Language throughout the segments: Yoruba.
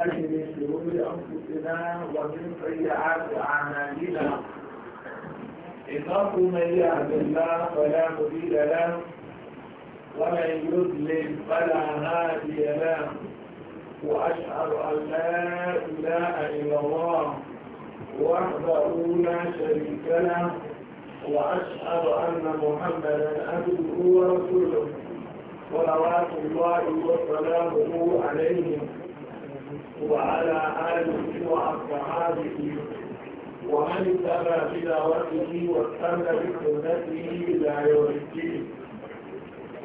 من شرور أنفسنا ومن سيئات أعمالنا إنه من يهد الله فلا مضل له ومن يضلل فلا هادي له وأشهد أن لا إله إلا الله وحده لا شريك له وأشهد أن محمدا عبده ورسوله صلوات الله وسلامه عليه وعلى آله وأصحابه ومن اتبع بدعوته واستنى بسنته إلى يوم الدين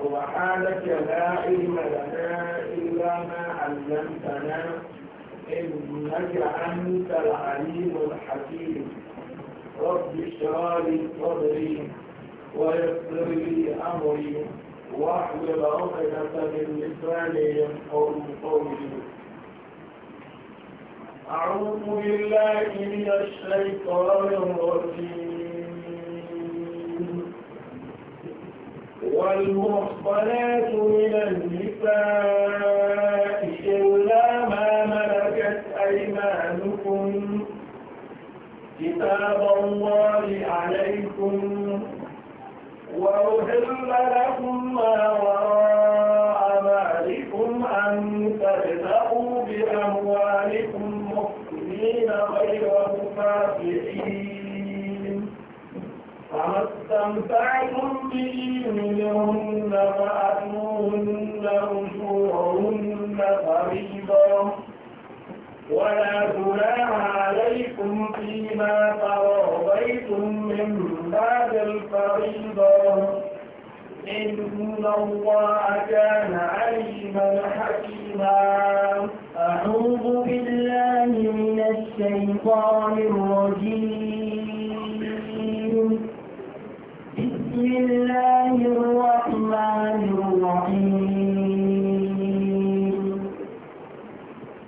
سبحانك لا علم لنا إلا ما علمتنا إنك أنت العليم الحكيم رب اشرح لي صدري ويسر لي أمري واحلل عقدة من لساني يفقه قولي أعوذ بالله من الشيطان الرجيم والمحصنات من النساء إلا ما ملكت أيمانكم كتاب الله عليكم وأحل لكم ما وراء ذلكم أن تبتغوا بأموالكم الظالمين غير مكافئين فما استمتعتم به منهن فأتوهن أجورهن فريضة ولا جناح عليكم فيما تراضيتم من بعد الفريضة إن الله كان عليما حكيما أعوذ بالله من الشيطان الرجيم بسم الله الرحمن الرحيم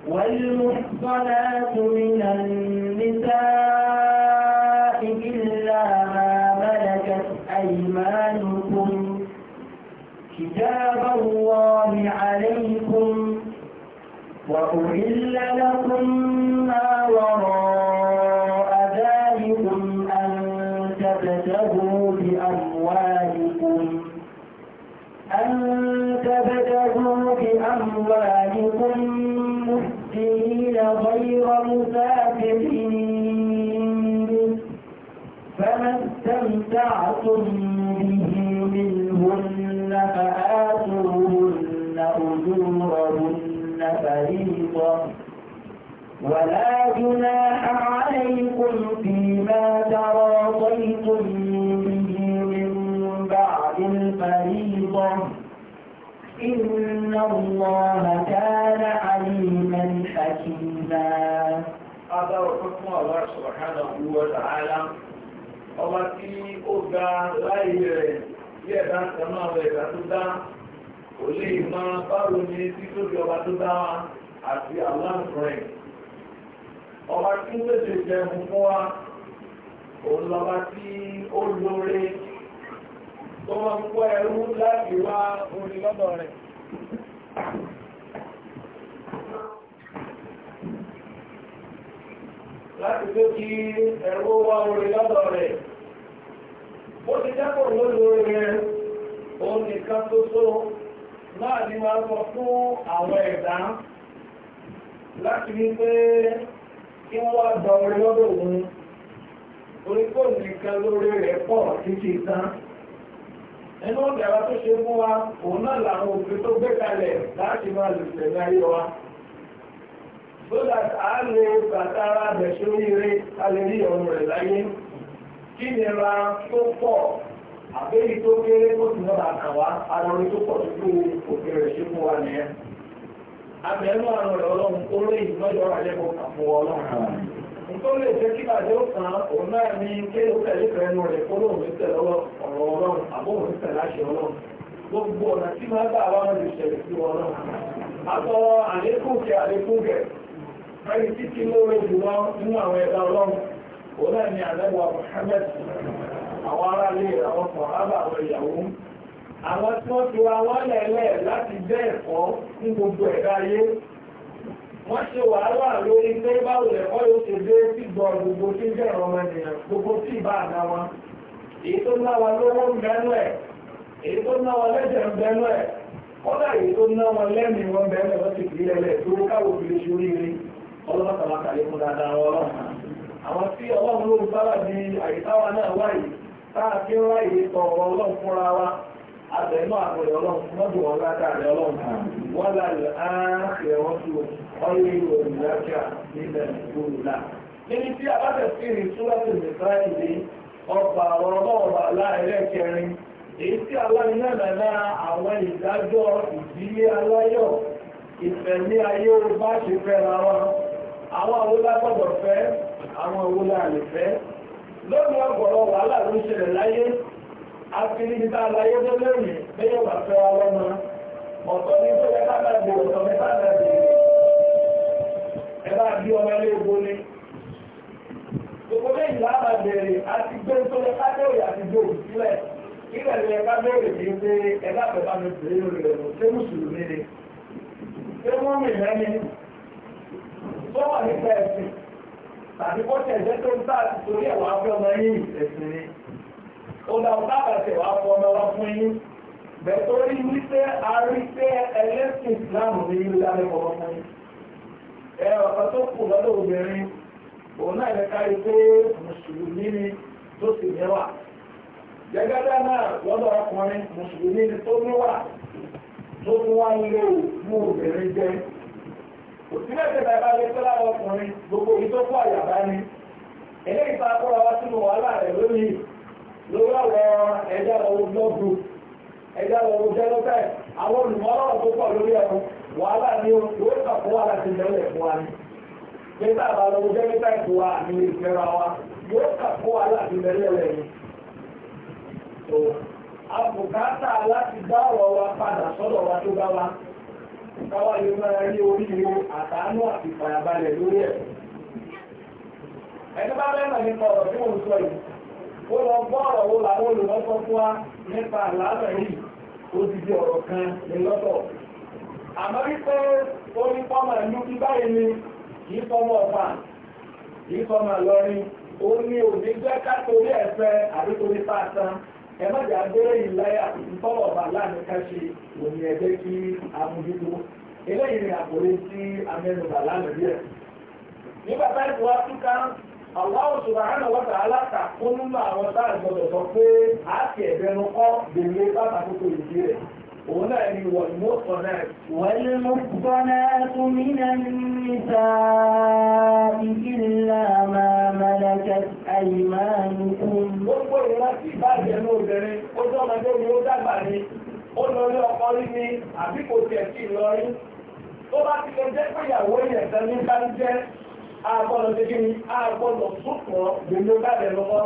والمحصنات من النساء إلا ما ملكت أيمانهم كتاب الله عليكم وأحل لكم ما وراء ذلكم أن تبتغوا بأموالكم أن تبتغوا بأموالكم مفسدين غير مسافرين فما استمتعتم به منهن آتوهن أجورهن فريضة ولا جناح عليكم فيما تراضيتم به من بعد الفريضة إن الله كان عليما حكيما هذا حكم الله سبحانه وتعالى وما في ó غير bí ẹ̀dá kaná ọ̀rọ̀ ẹ̀dá tó dá kò lè máa báwo ni títóbi ọba tó dá wa àti aláǹkọ̀rẹ̀ ọba tí ń pèsè jẹun fún wa òun lọba tí ó lóore tó máa ń kọ́ ẹrú láti wá orin lọ́dọ̀ rẹ̀. láti tó kí ẹ̀rọ wá orin lọ́dọ̀ rẹ̀ ó ti jápọ̀ lólo rẹ̀ òun nìkan tó tó náà ni máa sọ fún àwọn ẹ̀dá láti rí pé kí wọ́n wá gba orí lọ́dọ̀ òun orí kò nìkan lórí rẹ̀ pọ̀ títí tán nínú ọ̀dẹ̀wà tó ṣe fún wa òun náà làwọn òfin tó gbé kalẹ̀ láti máa lè tẹ̀lé ayé wa so that a lè bàtà ara bẹ̀ sórí eré a lè rí ọ̀run rẹ̀ láyé kí tó pọ̀ àbẹ́yí tó kéré tó ti lọ́ba kàn wá tó pọ̀ tó òkè rẹ̀ ṣe fún wa nìyẹn. Abẹ́nú àrùn rẹ̀ ọlọ́run tó lé ìmọ̀jọ́ àjẹkọ̀ kà fún ọlọ́run. Nǹkan lè jẹ́ kí bàjẹ́ ó kàn òun náà ní kéde tẹ̀lé fẹ́nu rẹ̀ kó lóun ní tẹ̀lé ọ̀rọ̀ ọlọ́run àbóhùn ní tẹ̀lé àṣẹ ọlọ́run. Gbogbo ọ̀nà tí máa bá wa lè ṣẹlẹ̀ sí ọlọ́run. Àtọ́ àlékún kẹ àlékún kẹ. Ẹni títí lóore jùlọ nínú àwọn ẹ̀dá ọlọ́run. òun náà ni àlẹ́wà Muhammad àwọn ará ilé àwọn tí wọ́n ti wá wọ́n lẹ̀lẹ̀ láti jẹ́ ẹ̀kọ́ ní gbogbo ẹ̀dá wọ́n ṣe lórí pé lẹ̀kọ́ yóò gbogbo tí gbogbo tí wọn èyí tó ná wa lówó ń bẹnu ẹ̀ èyí tó ná lẹ́jẹ̀ ń ẹ̀ kọ́dà èyí tó ná àwọn tí ọlọ́run ló ń sára di àyíkáwa náà wáyé táà kí ń wáyé tọ ọ̀rọ̀ ọlọ́run fúnra wa àtẹ̀nú àpẹẹrẹ ọlọ́run mọ́jú ọ̀rọ̀ látàrí ọlọ́run wọ́n lálẹ́ ààrẹ wọn tó ọlẹ́ ìwọ̀ ìdájà nílẹ̀ ìgbòrúlà níbi tí abátẹ̀sírì súrẹ́tì nìkan ìdí ọgbà ọ̀rọ̀ ọlọ́ọ̀bà láẹ̀lẹ́kẹrin èyí tí aláìlẹ́lẹ́lá àwọn ìdájọ́ ìdílé aláyọ̀ ìfẹ̀mí ayé bá ṣe fẹ́ra wọn àwọn àwọn lágbọ́dọ̀ fẹ́ àwọn owó láàrin fẹ́ lórí ọgbọ̀rọ̀ wàhálà ló ṣẹlẹ̀ láyé akiri níta láyé tó lẹ́yìn lẹ́yìn wà fẹ́ wa lọ́mọ ọ̀tọ̀ ní tó yẹ ká bá gbé ọ̀tọ̀ mẹ́ta náà dé ẹ bá bí ọmọ ilé ìbò ni gbogbo lẹ́yìn láàbà bẹ̀rẹ̀ àti gbé tó yẹ ká bẹ̀rẹ̀ àti gbé òkú sílẹ̀ ilẹ̀ ló yẹ ká bẹ̀rẹ̀ ní pé ẹ bá fẹ́ bá mi pèlè lórí rẹ̀ lọ sí mùsùlùmí ni ṣé wọ́n mìíràn ni tó wà nípa ẹ̀sìn tàbí kó tẹ̀jẹ́ tó ń bá àti torí ẹ̀wà fún ọmọ yìí ẹ̀sìn ni ó dá ọ̀tá àbàtẹ̀ wà fún ọmọ wa fún yín bẹ̀tọ́rí wípé a rí pé ẹlẹ́sìn Islam ní ìlú lálẹ́ ọmọ fún yín ẹ ọ̀pọ̀ tó kù lọ́dọ̀ obìnrin òun náà lè kárí pé mùsùlùmí ni tó sì níwà gẹ́gẹ́dá náà lọ́dọ̀ ọkùnrin mùsùlùmí ni tó níwà tó tún wá ń lò mú obìnrin jẹ́ òsínà ìṣẹ̀dá bá lè tọ́lá ọkùnrin gbogbo orí tó kọ́ àyàbá ni eléyìí tá a kọ́ra wá sínú wàhálà rẹ̀ lónìí lórí àwọn ẹja lọ́wọ́ blog group ẹja lọ́wọ́ genotype àwọn olùmọ́lọ́rọ̀ tó pọ̀ lórí ẹ̀rọ wàhálà ni ó yóò kà fún wàhálà ti lẹ́lẹ̀ fún wa ni nígbà bá lọ́wọ́ genotype wa káwá lè máa rí oríire àtàánú àti ìfàyàbalẹ̀ lórí ẹ̀. ẹni bá bẹ́ẹ̀ náà nípa ọ̀rọ̀ tí mò ń sọ yìí ó lọ gbọ́ ọ̀rọ̀ wo làwọn olùlọ́sọ fún wa nípa àlàáfẹ̀ yìí ó ti di ọ̀rọ̀ kan lọ́tọ̀. àmọ́ wípé ó ní fọ́mà ìlú bí báyìí ni kì í fọ́mà ọ̀fà kì í fọ́mà ẹ má jà bẹ́rẹ̀ ìláyà ìtọ́lọ̀ ọba ebe ká ṣe òní ẹgbẹ́ kí amójútó eléyìí ni àkòrí sí amẹ́nubà lánàá díẹ̀. nígbà táyì wá túká Allahu subhanahu wa ta'ala kún nínú àwọn táà gbọdọ̀ sọ pé kọ́ ìdí rẹ̀. والمحصنات من النساء إلا ما ملكت أيمانكم Olórí ọkọ rí ní àbíkò tẹ̀ sí ìlọrin, tó bá ti lè jẹ́ pé ìyàwó ìyẹ̀sẹ̀ ní bá ń jẹ́ àgbọ̀nà tẹ́kí ni àgbọ̀nà súnpọ̀ gbogbo bá lọ́wọ́.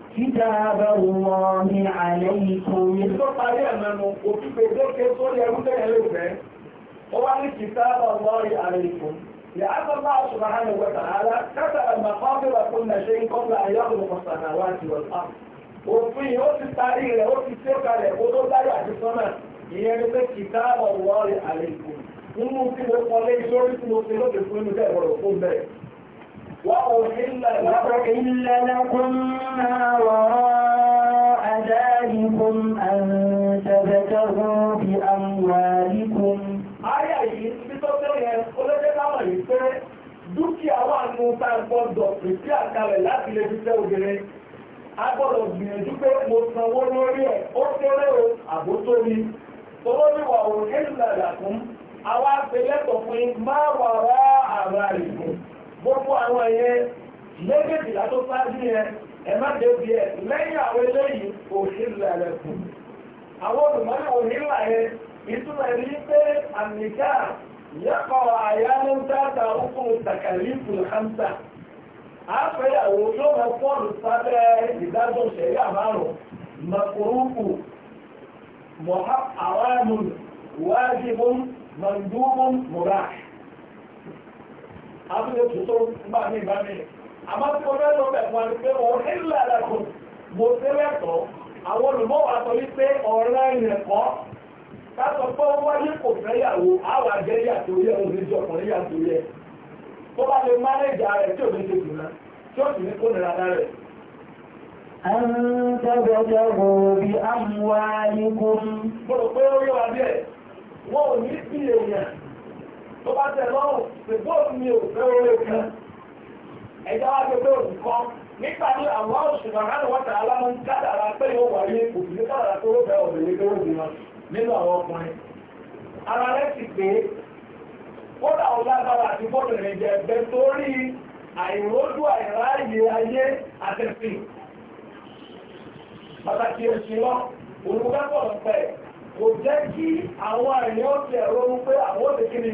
كتاب الله عليكم ìtọ́parí ẹ̀mẹ́nu òfífẹ́ lókè tó lẹ́rú tẹ́lẹ̀lẹ́fẹ́ ó wá ní كتاب الله عليكم لأن الله سبحانه وتعالى كتب المقابر كل شيء قبل أن يخلق السماوات والأرض òfin ó ti tarí rẹ̀ ó ti tó kalẹ̀ ó tó dárí àti sọ́nà ìyẹn ní pé كتاب الله عليكم nínú tí mo kọ́ lé sórí tí mo ti lókè fún inú bẹ́ẹ̀ bọ̀rọ̀ fún bẹ́ẹ̀ وأحل لكم ما وراء ذلكم أن تبتغوا بأموالكم dúkìá wà ní ọ̀tá gbọ́dọ̀ pèsè àkàlẹ̀ láti lè fi fẹ́ obìnrin a gbọ́dọ̀ gbìyànjú pé mo sanwó lórí ẹ̀ ó kéré o àbótó ni owó níwà òun nílùú làdà fún àwọn apẹlẹ́tọ̀ fún máa wà rá àrà ìgbìmọ̀ gbogbo àwọn ẹ̀yẹ lẹ́gbẹ̀dìlá tó sáájú yẹn ẹ má débi ẹ lẹ́yìn àwọn eléyìí kò sí lẹ̀lẹ̀ kù àwọn olùmọ́lẹ̀ ònílà yẹn ìtumọ̀ ẹ̀rí pé àmìká yẹ́kọ̀ àyálẹ́ dáadáa òkú tàkàlífù hamsa àfẹ́yàwó yóò mọ fọ́ọ̀lù sábẹ́ ìdájọ́ ìṣẹ̀yà márùn mọ̀kúrúkù mọ̀há àwọn ẹ̀mùn wájibun mandubun murah àbúrò tó gbà ní ìbámi àmá tí mo fẹ́ lọ bẹ̀rẹ̀ wọn ni pé òun nílò àdàkù mo ṣe lẹ́tọ̀ọ́ àwọn olùmọ́wà sọ wípé ọ̀rẹ́ ìrẹ̀kọ́ kásọ pé ó wáyé kò fẹ́yàwó àwọn àjẹyà tó yẹ oníjọ ọkùnrin yà tó yẹ tó bá lè mánéjà rẹ̀ tí ò ní ṣe jùlọ tí ó sì ní kó nira náà rẹ̀. أن tó bá tẹ̀ lọ́rùn pẹ̀lú mi ò fẹ́ orí kan ẹ̀já wá gbé pé òun kọ́ nípa ní àwọn òṣèlú àkàlù wọ́tà alámọ́ ń kádàrà pé yóò wà ní kò sí kádàrà tó rọ́bẹ̀ obìnrin tó rọ́bì lọ nínú àwọn ọkùnrin ara rẹ̀ sì pé kódà ó lágbára àti bọ́ọ̀lù rẹ̀ jẹ́ ẹgbẹ́ torí àìrójú àìráàyè ayé àtẹ̀sìn pàtàkì òsì lọ olùkọ́ pọ̀ pẹ̀ kò jẹ́ kí àwọn àìyàn ti ẹ̀rọ pé àwọn òṣèkiri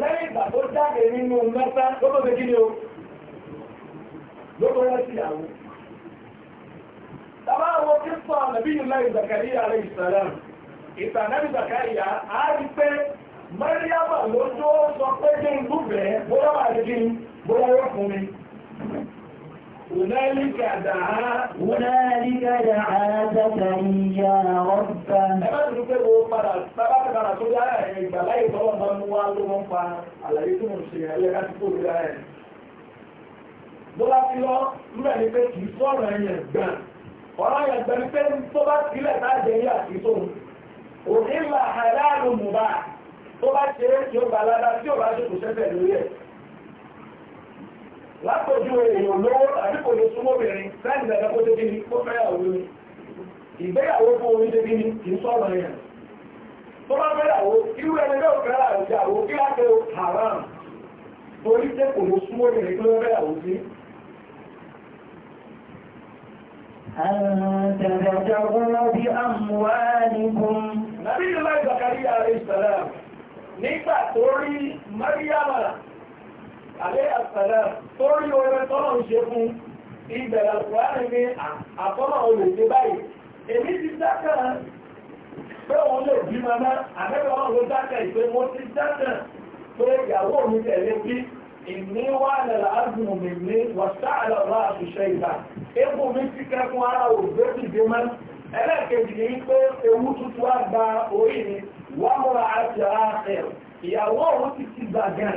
lẹ́yìn ìgbà tó jáde nínú mẹ́ta kí ni o lọ́tọ́ sí àwọn. Tàbá tí sọ àmàbí ìlà Zakariya alayhi salam, ìtànàbí Zakariya á rí pé Mẹ́ríàmà lójó sọ pé kí n lúbẹ̀ẹ́ bóyá wà ní kí bóyá fún mi. هنالك دعا هنالك دعا زكريا ربه ẹgbẹ́ ìrúkẹ́ wo padà sábàtà padà tó yá ìgbà láyé tọ́wọ́ bá mú wá ló wọ́n fa àlàyé tó mọ̀ ṣe ẹlẹ́ láti kó lórí ara ẹ̀ bó bá ti lọ lúrẹ̀ ní pé kì í sọ̀rọ̀ ẹ̀yẹ̀ gbà ọ̀rọ̀ ẹ̀yẹ̀ gbà ní pé tó bá sílẹ̀ táàjẹ̀ yé àti tó òní là àìláàrùn mùbá tó bá ṣe é tí ó bá ládá tí ó bá ṣe kò ṣẹ́fẹ̀ lórí ẹ̀ látọ̀jú èèyàn lówó àbí kò lè súnmọ́ obìnrin láti dàgbà kó débi ní kó fẹ́yàwó ni ìgbéyàwó fún orí débi ní kì í sọ̀rọ̀ yẹn tó bá fẹ́yàwó irú ẹni náà fẹ́ra ìyàwó kí á tó haram torí pé kò lè súnmọ́ obìnrin tó fẹ́yàwó sí. أن تبتغوا بأموالكم نبي الله زكريا عليه السلام nígbà tó rí Mariama àlẹ́ àṣàlẹ̀ tó rí orin tọ́nà ń ṣe fún ìbẹ̀rẹ̀ àkùránì ní àtọ́nà olè ṣe báyìí èmi ti dákẹ́ pé òun lè bí mamá àbẹ́bẹ̀ wọn ló dákẹ́ ìpé mo ti dákẹ́ pé ìyàwó mi tẹ̀lé bí ìní wà lẹ́la ágùn mi ní wàṣà pé ewu tuntun á orí mi wọ́n mọ́ra àti àáfẹ́ ìyàwó òun ti ti gbà gan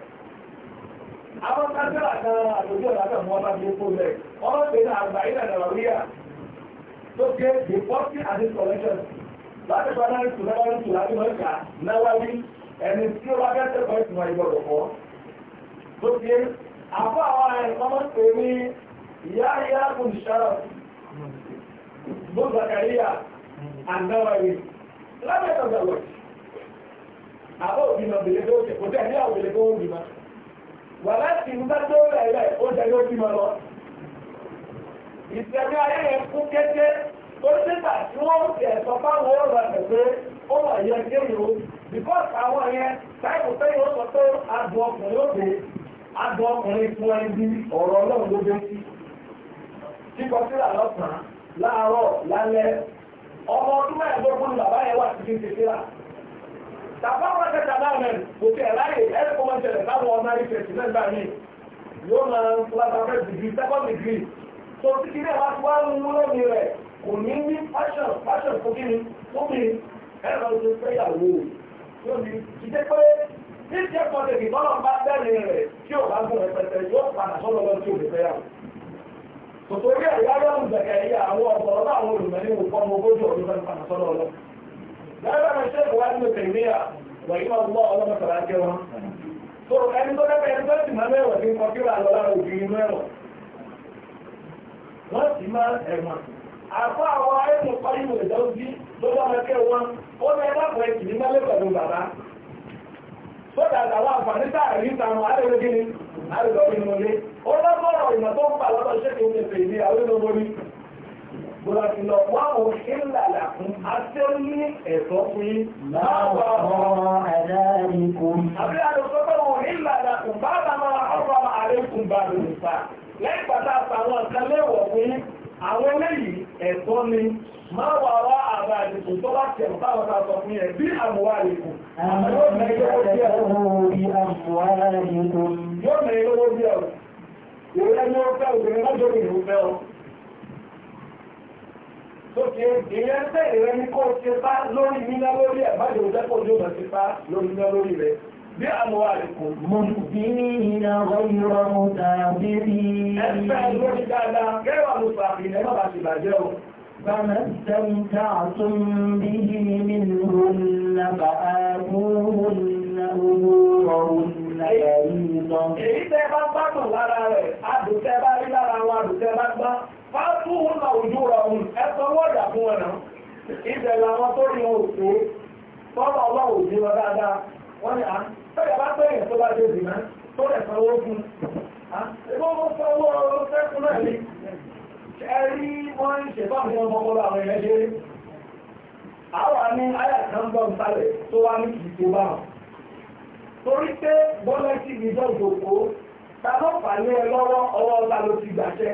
àwọn kájọ́lá kan àtòjú ọ̀la kan mọ́ bá fi kó lẹ̀ ọmọ pé náà àgbà ilẹ̀ nàìjíríà tó ṣe the forty and the collection láti pa náà tù náà tù láti mọ́ ìkà náwáwí ẹni tí ó bá kẹ́sẹ̀ pọ̀ ìgbọ̀dọ̀ fọ́ tó ṣe àfọ́ àwọn ọmọ pè Zakaria àdáwáwí lábẹ́ ìtọ́jà wọ̀ àbọ̀ òbí náà bèlè tó ṣe kò tẹ̀ ní wà láti ìlú bá tó rẹ̀ rẹ̀ ó jẹ́ yóò bímọ lọ. ìṣẹ̀lẹ̀ ayé yẹn kú kété tó nígbà tí wọ́n ti ẹ̀sọ́ fáwọn rẹ̀ ó wà yẹ because àwọn yẹn táìpù pé yóò sọ pé adùn ọkùnrin ó dé adùn ọkùnrin fún bí ọ̀rọ̀ ọlọ́run ló dé sí. kíkọ lọ́sàn-án láàárọ̀ lálẹ́ tàbárọ̀kẹ́ tàbárẹ̀ kò tẹ̀ láyé ẹ̀rẹ́ kọ́mọ̀ ṣẹlẹ̀ láwọn ọmọ ẹ̀rí fẹ̀sì náà gbà mí yóò máa ń fúlàfẹ́ dìgírí sẹ́kọ́nd dìgírí tó ti kí ní ẹ̀wá tí wọ́n ń mú lónìí rẹ̀ kò ní ní fashion fashion fún kí ni fún mi ẹ̀rọ ti fẹ́ yàwó yóò ní jíjẹ́ pé ní ti ẹ̀kọ́ tẹ̀sí bọ́lọ̀ bá bẹ́ẹ̀ rẹ̀ tí ò bá gùn rẹpẹtẹ yóò padà sọ́dọ̀ lọ tí ò lè fẹ́ yàwó tòtò orí ẹ̀yà yọ̀ọ̀nù zẹ̀kẹ̀ yìí àwọn ọ̀pọ̀lọpọ̀ àwọn olùmọ̀ lára ṣẹ́ẹ̀kù wá nínú tẹ̀míyà wọ̀nyí máa gbọ́ ọlọ́mọ sọ̀rọ̀ ajẹ́ wọn. tó ẹni tó dábẹ́ ẹni tó sì máa mẹ́wọ̀n sí nǹkan kíra lọ lára òbí inú ẹ̀rọ. wọ́n sì máa ẹ̀wọ̀n. àfọ àwọn ẹ̀sùn parí ìwé ìjọ sí lọ́dọ̀ ọmọkẹ́ wọn ó ní ẹ̀dàpọ̀ ẹ̀sìn ní mẹ́lẹ́ pẹ̀lú bàbá. sódà àwọn àǹfààní táàrí ìtàwọn àdéhùn Bọ̀dọ̀tìlọ̀ wá òun ṣe ń làlà fún aṣẹ́lú ẹ̀tọ́ fún yí. Láwọ̀ ọ̀rọ̀ ẹ̀dáàrí kún. Àbí àdókòtò òun ní làlà fún bá bá máa ọ̀pọ̀ àrékùn bá lè fà. Lẹ́yìn pàtàkì àwọn nǹkan léwọ̀ fún yí. Àwọn eléyìí ẹ̀tọ́ ni máa wà wá àbá àdìkù tó bá tẹ̀lú báwọn ta sọ fún yẹ bí àmúwá àdìkù. Àmọ́ yóò mẹ́rin lówó bí ẹ̀rọ. Yóò mẹ́rin lówó bí ẹ̀rọ. Ìrẹ́ni ó fẹ́ òbìnrin lọ́jọ́ ìrù fẹ́ ọ tó ṣe èèyàn bẹ́ẹ̀ rẹ ní kó ṣe bá lórí níná lórí ẹ̀ má lè jẹ́ kó ní ọ̀nà ti bá lórí níná lórí rẹ̀ bí àwọn àlùkò. mo ti ní iná ọ̀yọ́ mo tàbí rí. ẹ fẹ́ lórí dáadáa kẹwàá mo fàbí ẹ ti bàjẹ́ o. فما fàtú hún náà ojú ra òun ẹ̀sọ́ wọ́ọ̀dà fún ẹ̀nà ibẹ̀ làwọn tó ní wọn òkú tọ́lọ̀ ọlọ́ òjú lọ dáadáa wọ́n ní à ń tẹ́lẹ̀ bá pé èèyàn tó bá dé ìdìmọ́ tó lẹ̀ sanwó fún ẹgbẹ́ wọn sanwó fẹ́kún náà ní ẹ̀rí wọ́n ń ṣe báwọn ọmọ ọmọ àwọn èèyàn ṣe àwa ní ayàtàǹbọ̀n sálẹ̀ tó wá ní kìí tó bá wọn torí pé bọ́lá sí ìjọ ìjòkó ta ló fà ní ẹ lọ́wọ́ ọwọ́ ọlá ló ti gbàṣẹ́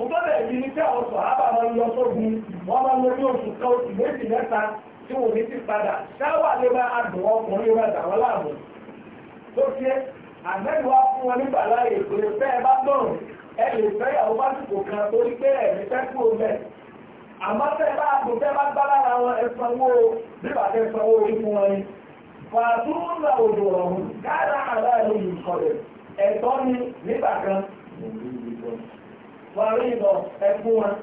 òtọ́lẹ̀ yìí ní pé àwọn sọ̀hábà máa ń lọ sógun wọ́n máa ń lọ ní oṣù kan oṣù méjì mẹ́ta tí wọ́n ní ti padà ṣáwà lè máa adùn ọkùnrin máa dà wọ́n tó ṣe àmẹ́lú wá fún wọn nígbà láàyè pé bẹ́ẹ̀ bá dọ̀rùn ẹ lè fẹ́ ìyàwó bá sì kan torí pé ẹ̀mí fẹ́ kú ọmọ àmọ́ tẹ́ bá adùn tẹ́ bá gbá lára wọn ẹ sanwó bíbà tẹ́ sanwó orí fún wọn ni fàtúnlá òdò ọ̀hún gáàrà àlá ìlú ìkọlẹ̀ ẹ̀tọ́ فريضة المونة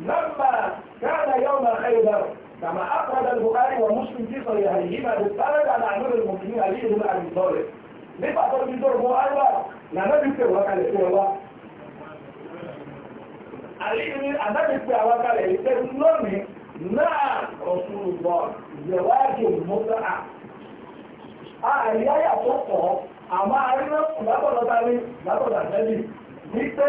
لما كان يوم خيبر كما أفرد البخاري ومسلم في صحيحيهما بالسند على أمير المؤمنين علي بن أبي طالب nípa tó ti dọ̀rọ̀ mọ́ àgbà lànàbí pé wọ́n kalẹ̀ fún ọlá àríwí ànábì pé àwọn kalẹ̀ ìfẹ́ lónìí náà ọ̀sùn lọ ìyẹ̀wájú mọ́tà à àríyáyà tó pọ̀ àmọ́ àríwá lábọ̀lọ́ta ní lábọ̀lọ́ta ní wípé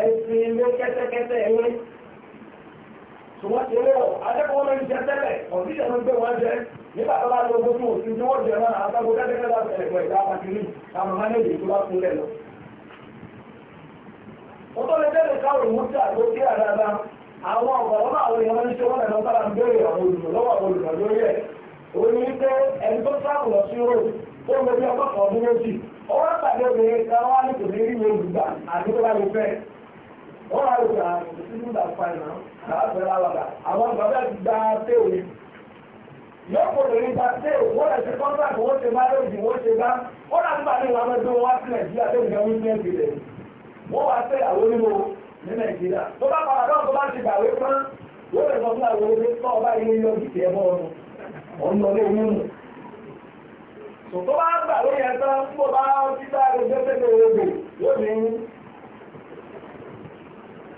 ẹ̀sìn ilé kẹ́tẹ́kẹ́tẹ́ ewé ṣùgbọ́n ti rí ọ̀ adẹ́kọ̀ọ́ lórí jẹ tẹ́lẹ̀ ọ̀dí ìṣẹ̀lú gbé wọn jẹ nígbà tó bá lọ gbogbo òsì tí wọ́n jẹ náà àtàgbò kẹ́tẹ́kẹ́tẹ́ láti ẹ̀gbọ́n ìdá pàkiri àwọn mánéjì tó bá kúnlẹ̀ lọ. ó tó lè tẹ́lẹ̀ káwọn ìmúta ló kí àdáadáa àwọn ọ̀gọ̀rọ̀ àwọn èèyàn ń ṣe wọ́n lẹ́nu bára ń béèrè àwọn olùmọ̀ lọ́wọ́ àwọn olùmọ̀ lórí ẹ̀ ó ní pé ẹni tó sáàbù lọ sí rò ó lè bí ọgọ́kọ̀ ọdún méjì ó wọ́n wá lè gbà ìsinmi gbà fàìn náà láàbẹ̀ láwàdà àwọn bàbá ti gba téèwé yọ̀pọ̀ lórí gba téèwé wọ́n lè ṣe kọ́ńtàkì wọ́n ṣe máa lóòjì wọ́n ṣe bá wọ́n ní tó wá sí nàìjíríà tó ń ní wọ́n wá àwọn onímọ̀ ní nàìjíríà tó bá padà náà tó bá ti gbàwé wọ́n lè sọ fún àwọn tó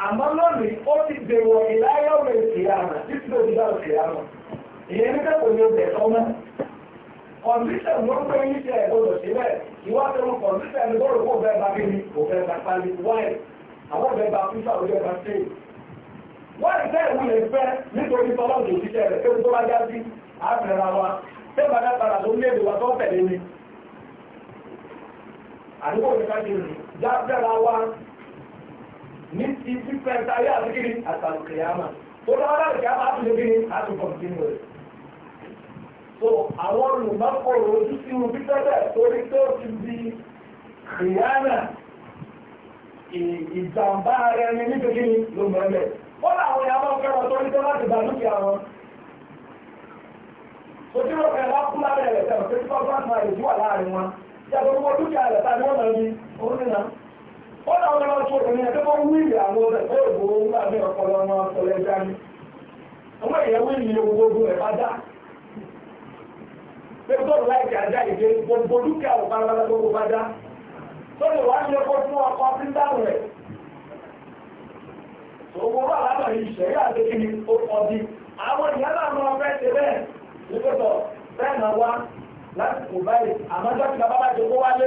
àmọ́ lónìí ó ti dèwọ̀ ìláyọ̀wé ìkìyàmà títí tó ti bá ìkìyàmà ìyẹn ní kẹ́kọ̀ọ́ ní ọbẹ̀ tọ́mọ́ kọ̀ǹpútà ló ń pè ní ìṣe ẹ̀gbọ́dọ̀ sílẹ̀ ìwádìí wọn kọ̀ǹpútà ní bọ́ọ̀lù kò bẹ́ẹ̀ bá kí ni kò bẹ́ẹ̀ bá pálí wáì àwọn ọ̀bẹ bá fífà ọ̀bẹ bá ṣe wáì bẹ́ẹ̀ wù lè fẹ́ nítorí tọ́lọ́dù òṣìṣẹ́ rẹ̀ kéwù tó bá já sí àbẹ̀rẹ̀ wa tẹ́ bá dábàrà tó ní èdè wa tó tẹ̀lé ni àdúgbò ní ká ní ti fífẹ́ sáré àtúkìrì àtàlùkìyàmà tó lọ́wọ́ àtàlùkìyàmà àtúkìrì àtúkọ̀tìmù rẹ̀. so àwọn olùmọ́kòrò ojú sí ibi tẹ́lẹ̀ torí tó ti di kìyàmà ìjàmbá rẹ̀ ní nítorí ló mọ̀lẹ̀. wọ́n làwọn ìyàwó fẹ́ràn torí tó láti bá dúkìá wọn. ojú ló fẹ́ lápú lábẹ́ rẹ̀ tẹ̀wọ̀n tó ti fọ́ ó láwọn ọmọ tó obìnrin ẹ̀tọ́ bọ́ wíìlì àwọn ọ̀rẹ́ tó ìgbòho ńlá ní ọpọlọ ọmọ ọ̀rẹ́ dání ọmọ ìyẹn wíìlì gbogbo ẹ̀ bá dá pẹ̀lú láìka ajá ìdè gbogbo dúkìá ò parabara gbogbo bá dá tó lè wá ní ẹkọ fún ọkọ píntáwù rẹ̀ owó wà lábà yìí ṣẹ̀yà àtẹ́kí ni ó pọ̀ bí àwọn ìyẹn náà máa fẹ́ ṣe bẹ́ẹ̀ nígbàtọ̀ bẹ́ẹ̀ náà wá láti kò báyìí àmọ́jọ́ ti bàbá bá ti kó wá lé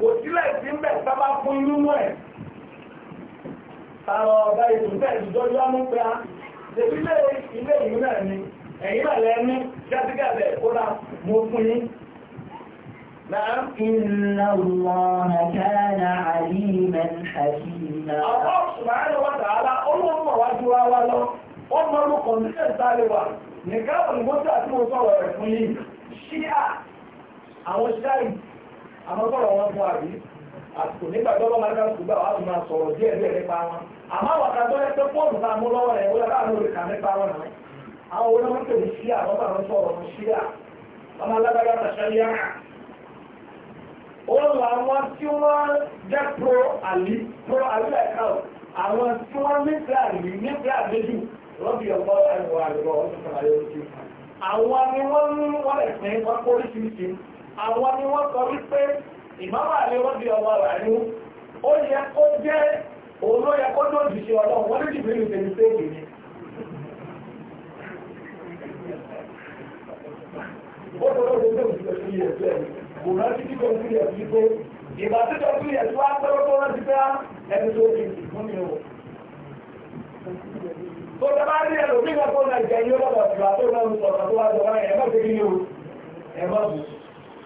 kò sílẹ̀ sí mẹ́ sábà fún inú ẹ̀ tààrọ ọ̀gá ètò tẹ́ ìdọ́jọ́ mú pé a lèbílẹ̀ ilé ìlú náà ni ẹ̀yìn bàlẹ̀ ní jásígàlẹ̀ kódà mú fún yí Inna Allaha kana aliman àwọn ṣáìtì àmọ́ bọ́ọ̀rọ̀ wọn fún àbí àsìkò nígbà tó lọ́wọ́ máa ṣùgbà wà tó máa sọ̀rọ̀ díẹ̀ díẹ̀ nípa wọn àmọ́ àwọn kan tó yẹ pé pọ́ọ̀lù tá a mú lọ́wọ́ rẹ̀ wọ́n láwọn olè kà nípa wọn náà àwọn owó náà ń tèmi sí àwọn bá wọn sọ̀rọ̀ wọn sí à wọn alágbára tàṣẹ yá ó lọ àwọn tí wọ́n jẹ́ pro àlì pro àlì ẹ̀ka àwọn tí wọ́n nífẹ̀ẹ́ àlì nífẹ̀ẹ́ àlejò lọ́bì ọgbọ́ ẹ̀wọ̀ àlùbọ̀ ọ̀sùn ni wọ́n ń wọ́n ẹ̀sìn wọn kórìṣìṣì àwọn ni wọ́n sọ wípé ìmọ́wà lè wọ́n di ọmọ rà ní ó yẹ kó jẹ́ òun ló yẹ kó tó jìṣẹ́ ọlọ́run wọ́n lè jìbìrì ìṣẹ́ ní séèkì ni ó tó lóde tó jìṣẹ́ sí ẹ̀sẹ̀ kò náà ti kíkọ́ sí ẹ̀sẹ̀ pé ìgbà tí tó sí ẹ̀sẹ̀ wá pẹ́rọ́ tó rántí pé ẹni tó di fún mi o. tó tẹ́ bá rí ẹlòmíràn kó náà jẹ́ yóò lọ́dọ̀ ìgbà tó náà ń sọ̀rọ̀ tó wá jọ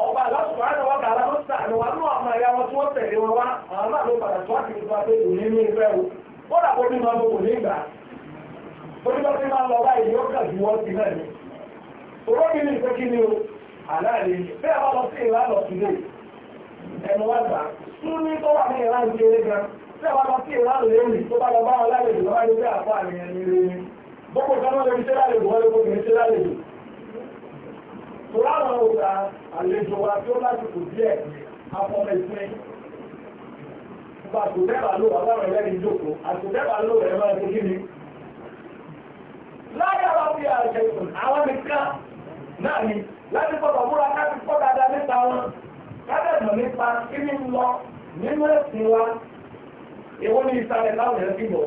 ọba aláṣùwà náà wọ́n dára ló sàánú wa náà àmà ìyá wọn tí wọ́n tẹ̀lé wọn wá àwọn náà ló padà tó àti ìgbà pé òní ní ìfẹ́ o ó dà bó máa bó òní ìgbà bó máa lọ bá ìlú ọkà ni òwò gị ní ìfẹ́ kí ni o àláàlẹ́ bá lọ sí ẹnu wá gbà tún ní tó wà ní gan bá lọ sí lẹ́yìn tó bá lọ tó láwọn ọ̀gá àlejò wa tí ó lásìkò díẹ̀ afọmọ ìpín àtò mẹ́wàá ló wà láwọn ẹlẹ́rìí jókòó àtò mẹ́wàá ló rẹ̀ máa ti kíni. láyé àwọn fi àṣẹ ìsùn àwọn nìkan náà ni láti gbọ́dọ̀ múra káti pọ́ dáadáa nípa wọn kábẹ̀ mọ̀ nípa kíni ń lọ nínú ẹ̀sìn wa èwo ni ìsàlẹ̀ láwọn ẹ̀sìn bọ̀.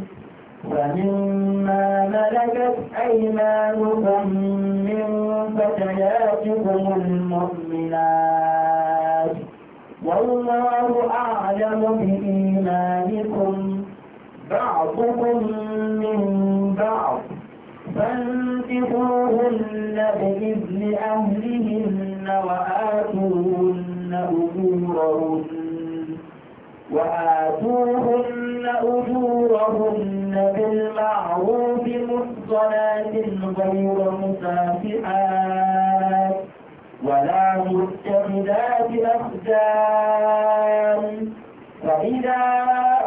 فمما ملكت أيمانكم من فتياتكم المؤمنات والله أعلم بإيمانكم بعضكم من بعض فانتقوهن بإذن أهلهن وآتوهن أجورهن وآتوهن أجورهن بالمعروف محصنات غير مسافحات ولا متخذات أخدان فإذا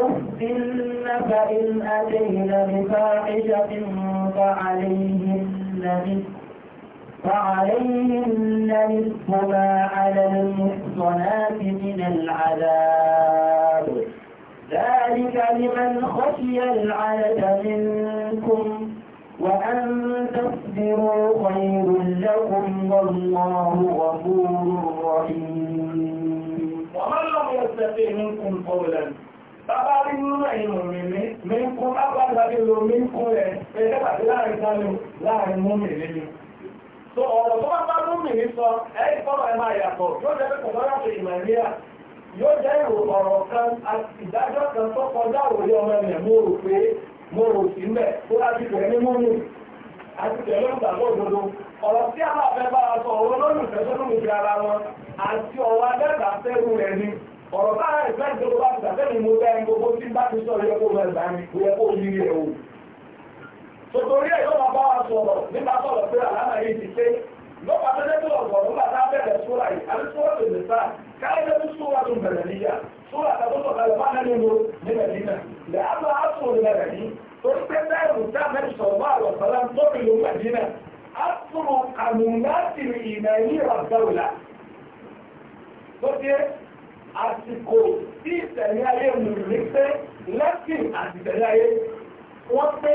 أخذن فإن أتين بفاحشة فعليهن مثل فعليهن نصف ما على المحصنات من العذاب ذلك لمن خشي العنة منكم وأن تصبروا خير لكم والله غفور رحيم ومن لم يستطع منكم قولا Bàbá rí nínú ìlú mímí, mímkún lápàdàbí lo mímkún rẹ̀, ẹgbẹ́ pàdé láàrin sálò láàrin múmi nínú. So ọ̀rọ̀ tó bá bá múmi ní sọ, ẹ́ ìfọ́nà ẹ máa yàtọ̀, yóò jẹ́ pẹ́ pẹ̀lú láti ìmọ̀ ìrírà yóò jẹ́ ìrò ọ̀rọ̀ kan ìdájọ́ kan tó kọjá òye ọmọ ẹ̀mẹ̀ mo rò pé mo rò sí mẹ́ tó láti pẹ̀ ní múnú àti pẹ̀lú ìgbàgbọ́ òdodo ọ̀rọ̀ tí a máa fẹ́ bá a sọ ọ̀rọ̀ lólùfẹ́ tó lómi fi ara wọn àti ọ̀rọ̀ adẹ́gbà fẹ́rù rẹ̀ ni ọ̀rọ̀ báyà ìfẹ́ ìjọba bá ti tàbí ni mo bẹ́ ẹni gbogbo tí bá ti sọ̀rọ̀ yẹ kó lọ ẹ̀gbà mi kò yẹ kó yí rẹ̀ o. tòtòrí ẹ̀ yóò máa bá wa sọ̀rọ̀ nípa sọ̀rọ̀ pé àlámà yìí ti pé lọ́pàá tó dé tó ọ̀gbọ̀n nígbà tá a bẹ̀rẹ̀ sóra yìí àti sóra tó lè sá káyọ̀ tó sóra tó bẹ̀rẹ̀ níyà sóra tó tó sọ̀tà lọ́pàá náà nínú nílẹ̀ nínà lẹ́ àbá àtò nílẹ̀ ní torí pé táìmù tá a mẹ́rin sọ̀rọ̀ bá àlọ́ sọ̀rọ̀ tó fi lòún mẹ́dínà àtò kàmùnátì ìnà yìí rà dáwìlà tó dé àsìkò tí ìtẹ̀lé ayé mú ní pé lẹ́sìn àtìtẹ̀lé ayé wọ́n pé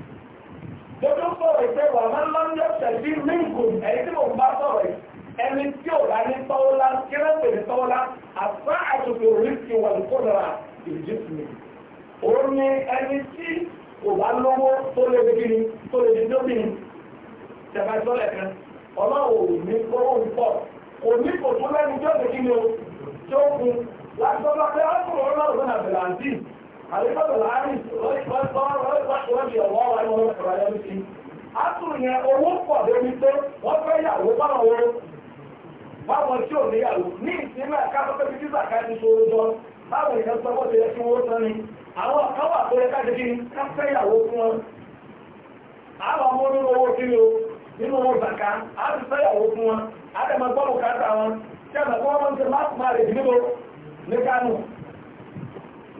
lójú sọ̀rọ̀ ìpẹ́ wà máa ń lọ ní ọ̀sẹ̀ bí ríngùn ẹni tí mo bá sọ̀rọ̀ ẹni tí ò bá ní tọ́wọ́lá kírẹ́pẹ̀ ní tọ́wọ́lá àfá àtòkè oríṣi wà ní kódàrà ìjísìmì òun ni ẹni tí kò bá lówó tó lè gbé ni tó lè di dóbi ni tẹ̀fà ìtọ́lẹ̀ kan ọlọ́wọ́ ò ní owó ń pọ̀ kò ní kò tó lẹ́nu tí ó lè kí ni o tí ó kun láti sọ àlébàbà láàrin rọ́ọ̀dì ọ̀wọ́ wa ni wọ́n lọ ọrụ ayọ́ sí. Ásùn ọrụ owó pọ̀ débi pé wọ́n fẹ́ yàwó báwọn wo báwọn tí ò níyàwó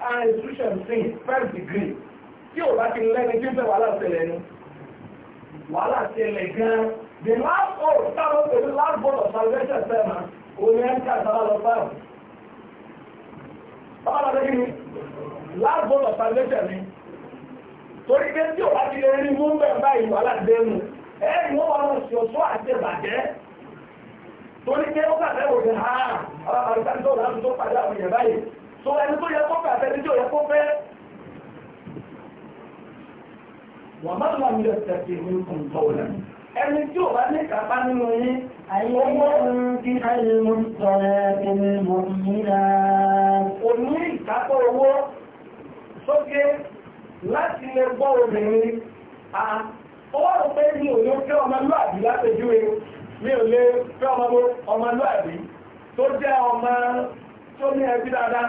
and ah, institution sin first degree tí ò bá ti lẹ́ni tí ó fẹ́ wàhálà ṣẹlẹ̀ ni wàhálà ṣẹlẹ̀ gan the last hope táwọn pẹ̀lú last board of salvation sẹ́mà òní ẹ̀ka sábà lọ fáwọn. báwọn lọ sí last board of salvation ni torí pé tí ò bá ti lè rí mú bẹ́ẹ̀ báyìí wàhálà dẹ́nu ẹ̀ẹ́dì wọ́n wà lọ sí ọ̀ṣọ́ àti ìbàjẹ́ torí pé ó kà fẹ́ wò ní ha ah, ọ̀rọ̀ àti àti tó láti tó padà òyìnbá so ẹni tó yẹ kọ́fẹ́ àtẹni tó yẹ kọ́fẹ́ wọ́n máa ń lọ tẹ̀sí ní nǹkan ọ̀la ẹni tí ò bá ní kápá nínú yín owó ti àìmọ̀ sọ̀rọ̀ ẹni mọ̀ nílá kò ní ìkápọ̀ owó sókè láti lè gbọ́ obìnrin a ọwọ́ rò pé mi ò lè fẹ́ ọmọlúàbí látẹ̀júwe mi ò lè fẹ́ ọmọlúàbí tó jẹ́ ọmọ tó ní ẹbí dáadáa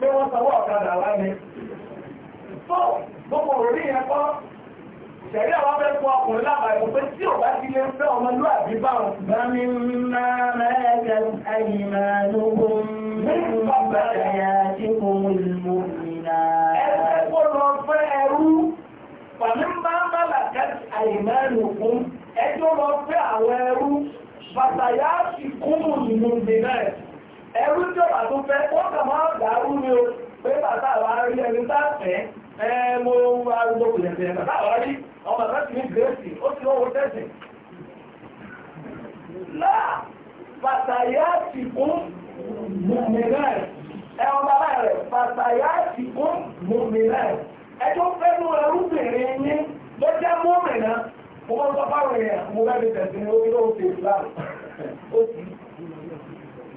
pé wọ́n sanwó ọ̀kadà wá ní. tó gbogbo òrí yẹn kọ́ ṣẹ̀rí àwọn abẹ́ fún ọkùnrin lábàá ẹ̀kọ́ tí ò bá ti lè fẹ́ ọmọlúwàbí bá wọn. bámi máa bàmí ń bàlàkẹ́ àyìnmánugun ẹjọ́ lọ ẹrú jọba tó fẹ́ wọ́n kà máa dàrú ni o pé bàtà àwọn ẹni tá fẹ́ ẹ arúgbó kò yẹ̀sẹ̀ bàtà àwọn ọmọ bàtà sì ní gírèsì ó ti lọ́wọ́ tẹ̀sìn. láà bàtàyà ti kún mọ̀mìnà ẹ̀ bàbá rẹ̀ ti kún ẹrúbìnrin ló jẹ́ mo sọ fáwọn èèyàn mo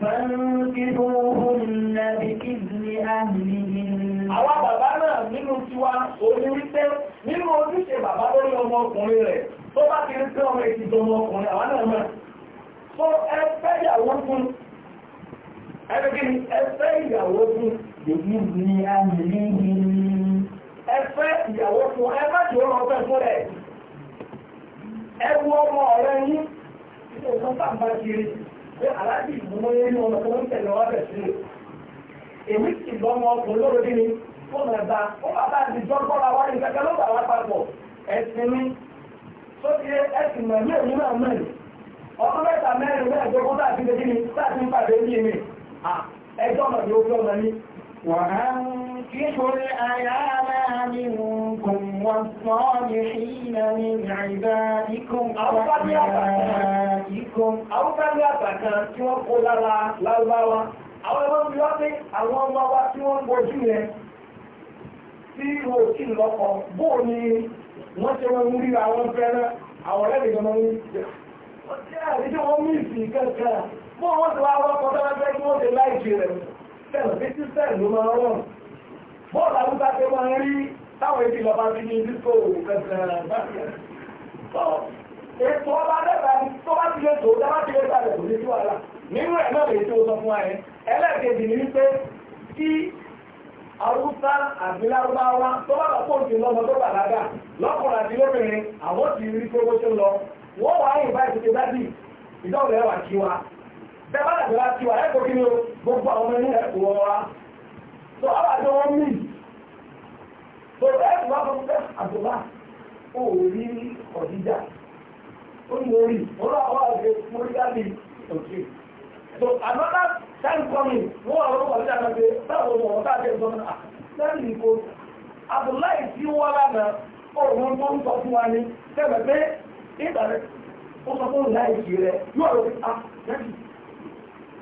فانكحوهن bàbá náà nínú tiwa òní wípé nínú ojúṣe bàbá lórí ọmọkùnrin rẹ̀ tó bá ti rí ọmọ èsì tó àwa náà mọ̀ So ẹgbẹ́ ìyàwó fún ẹgbẹ́ ìyàwó fún ẹgbẹ́ ìyàwó fún ẹgbẹ́ ìyàwó fún pé aláàbì ìgbìmọ̀ yẹn ní ọmọ tó ń tẹ̀lé wá bẹ̀ sí èmi ti gbọ́ ọmọ ọkùnrin lóru bí ni ó mọ̀ ẹ̀dá ó bá bá di jọ́ bọ́ra wá ní kẹ́kẹ́ ló bá wá papọ̀ ẹ̀sìn mi tó ti ẹ̀sìn mọ̀ ní èmi náà mẹ́rin ọdún mẹ́ta mẹ́rin mẹ́ẹ̀ẹ́dógún láti lè kí ni láti ń pàdé bí mi ẹjọ́ mọ̀ ní ojú ọmọ ní وأنكحوا الأيام منكم والصالحين من عبادكم وأولادكم أو كذا كان يقول لا لا لا àwọn ọmọ mi wá pé àwọn ọmọ wa tí wọ́n ń bojú yẹn tí wọ́n ò tí ì lọ́kọ̀ bóò ni wọ́n ṣe wọ́n ń rí àwọn fẹ́rẹ́ àwọn ọ̀rẹ́ mi gan-an ń jẹ́ àti tí wọ́n mú ìsìn kẹ́kẹ́ bóò wọ́n ti wá wọ́n kọ́ tẹ́lẹ̀ fẹ́ kí wọ́n ṣe láìsí rẹ̀ system bí system ló máa rọrùn bọ́ọ̀lù àwùjá tó máa ń rí táwọn ibi lọ́ba ti ní disco kẹsẹ̀ báyìí ètò ọba lẹ́gbàá tó bá ti lè tó dábàá ti lè gbàgbé kò ní sí wàhálà nínú ẹ̀ náà lè tó sọ fún wa yẹn ẹlẹ́ẹ̀kejì ni wípé kí Awúsá àti Lárúbáwá tó bá lọ fóònù sí lọ́mọ tó bàlágà lọ́kùnrin àti lóbìnrin àwọn ti rí pé bó ṣe ń lọ wọ́n wá yìnbá ìṣèṣe dádì ìdáwọ̀lẹ́wà kí wa bẹ́ẹ̀ bá dàgbà láti wà ẹ̀kọ́ kí ni o gbogbo àwọn ọmọ ní ẹ̀kọ́ wọn wá tó àwọn àjọ wọn mí tó ẹ̀kọ́ bá fọ́n fẹ́ àbúrà ó rí ọ̀díjà ó ní orí wọn lọ àwọn àgbẹ̀ mórí dábì òkè so another time coming wọn àwọn ọmọ ọ̀díjà náà pé báwo ni wọn táà jẹ́ ìsọmọ náà ah, lẹ́yìn nìkó Abdullahi tí wọ́n lánàá ó rún tó ń sọ fún wa ní kẹ́mẹ̀ pé ìgbà rẹ̀ ó sọ fún ìlà ìjì rẹ̀ yóò rọ̀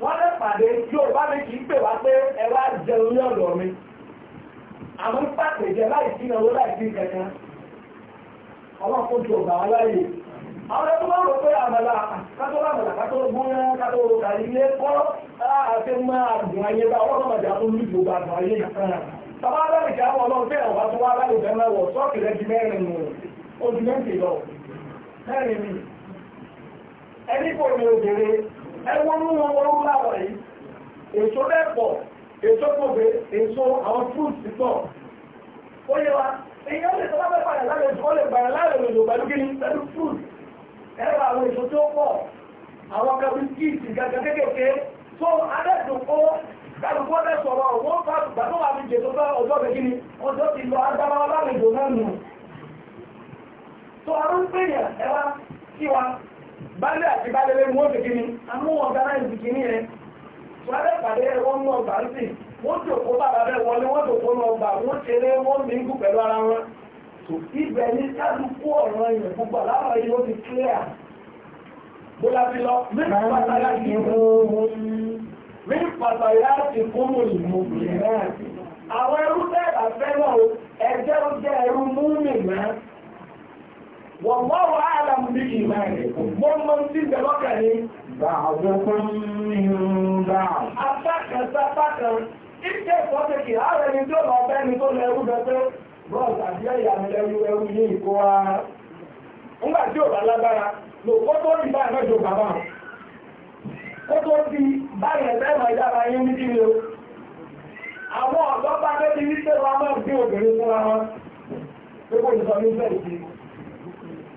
wọ́n lè pàdé yóò bá mi kì í pè wá pé ẹwà jẹ orí ní ọ̀dọ̀ mi àmọ́ ń pàtẹ jẹ láìsí sí ìnáwó láì sí kankan ọlọ́run kò tó gbà wá láàyè àwọn ẹgbẹ́ bá rò pé àmàlà kátó àmàlà kátó gbóná kàrí ilé kọ́ àti máa dùn ayé bá ọlọ́run tó lù jù bá dùn ayé yìí kan bàbá àwọn ọlọ́run tó wá fẹ́ ẹwọ́n mú wọn wọ́n láwọ̀ yìí èso lẹ́pọ̀ èso kòbè èso àwọn fúrúùtì pọ̀ ó yẹ wa èyí ó lè tọ́lá pẹ́pà rẹ̀ lálejò ó lè gbàrẹ̀ lálejò pẹ̀lú kí ni pẹ̀lú fúrúùtì ẹ̀rọ àwọn èso tó pọ̀ àwọn kàbíkìtì gàgà kékèké tó adẹ́dùn kó kálukú sọ̀rọ̀ wọ́n bá gbàgbọ́ wà ní jètò bá ọjọ́ bẹ̀ kí ni ọjọ́ ti lọ agbára náà nù tó ẹwà kí wa bálẹ̀ àti bálẹ̀ lẹ́nu wọ́n fi kíní àmú ọ̀gáráìsì kíní ẹ̀ wálẹ̀ pàdé wọ́n mú ọgbà ń sìn wọ́n jòkó bàbá bẹ́ẹ̀ wọlé wọ́n jòkó lọ gbà wọ́n ṣeré wọ́n mi ń kú pẹ̀lú ara wọn ibẹ̀ ní kálukú ọ̀ràn yẹn púpọ̀ láwọn ẹni ti clear والله أعلم بإيمانكم ممن تدركني بعضكم من بعض أفكر إنت هذا من دون àti ẹ̀yà ẹrú ìkó tí ò bá lágbára lò kó tó mẹ́jọ bàbá kó tó o àwọn ọ̀dọ́ bá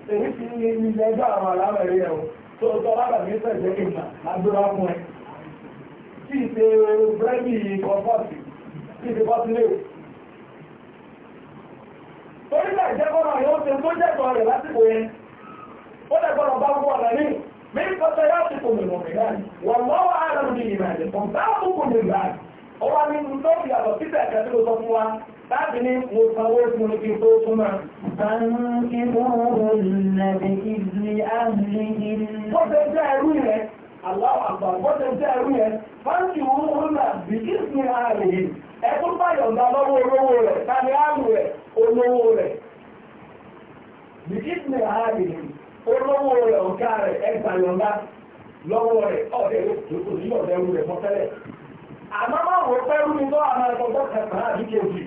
èyí ti ní ilẹ̀ ẹjọ́ àwọn aláwẹ̀rí ẹ̀ tó tọ́ lábà ní sẹ̀jẹ̀ ìmà àdúrà fún ẹ tí ìṣe búrẹ́dì kọ̀ọ̀pọ̀tì tí ìṣe bọ́tílé orílẹ̀ ìjẹ́kọ́nà yóò ṣe tó jẹ́kọ̀ọ́ rẹ̀ lásìkò yẹn ó lẹ́gbọ́nà bá gbọ́ ọ̀nà ní mílíkọ́tẹ́ láti kò mìíràn mìíràn wọ́n lọ́wọ́ ààrẹ mi ìrìnàjò kan bá kúkú mìíràn Bábìlì mo sanwó fún ní kí tó súnmà. Fáńkì òun náà bí kí sí ààrẹ yìí, ẹkún báyọ̀ndà lọ́wọ́ olówó rẹ̀, tàbí ààrù rẹ̀, olówó rẹ̀. Bí kí sí ààrẹ yìí, olówó rẹ̀ ọ̀gá rẹ̀ ẹgbàyọ̀ndà lọ́wọ́ rẹ̀ ọ̀rẹ́ òṣìṣẹ́ rẹ̀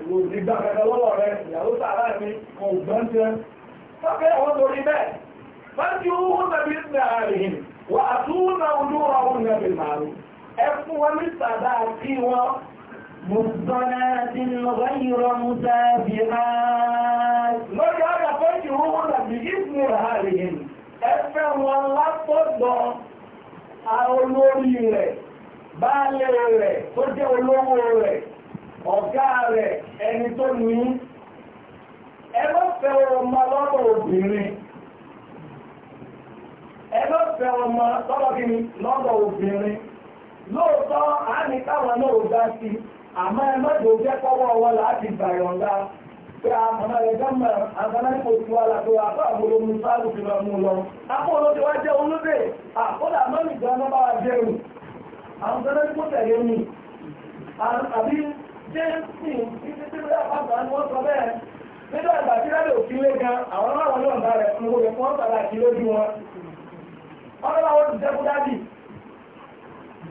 ìwò ìgbà kẹta lọ́wọ́ rẹ̀ ìyàwó sàárà mi kan ògbọ́n jẹ́ sọ́kẹ́ àwọn torí bẹ́ẹ̀ fẹ́ntì owó nàbí nàárìn wà àtúnà olúwa òun nàbí màrún غير مسافرات lórí ọ̀dà fẹ́ntì owó nàbí ìsìn ìhàrìn ẹ fẹ́ wọn látọ̀dọ̀ olórí rẹ̀ rẹ̀ tó jẹ́ olówó rẹ̀ ọ̀gá rẹ̀ ẹni tó ní ẹlọ́fẹ́ ọmọ lọ́dọ̀ obìnrin ẹlọ́fẹ́ ọmọ lọ́dọ̀ obìnrin lóòótọ́ àánì káwọn náà ò dá sí àmọ́ ẹmọ́dé ò jẹ́ kọ́wọ́ wọn láti gbàyọ̀ǹda pé àmọ́ tí wà àpá mú fi lọ mú lọ. olóde wá jẹ́ olóde mọ́nì bá Àwọn tẹ̀lé mi. Àbí jésìn títí ní wọ́n sọ bẹ́ẹ̀ nígbà àwọn aláwọ̀ náà bá rẹ̀ fún gbogbo wọn sàlá kí lójú wọn ọlọ́lá wọn ti dẹ́kun dádì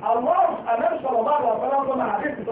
àwọn àmẹ́sọ̀rọ̀ bá wà fọlá fọlá àdéhùn tó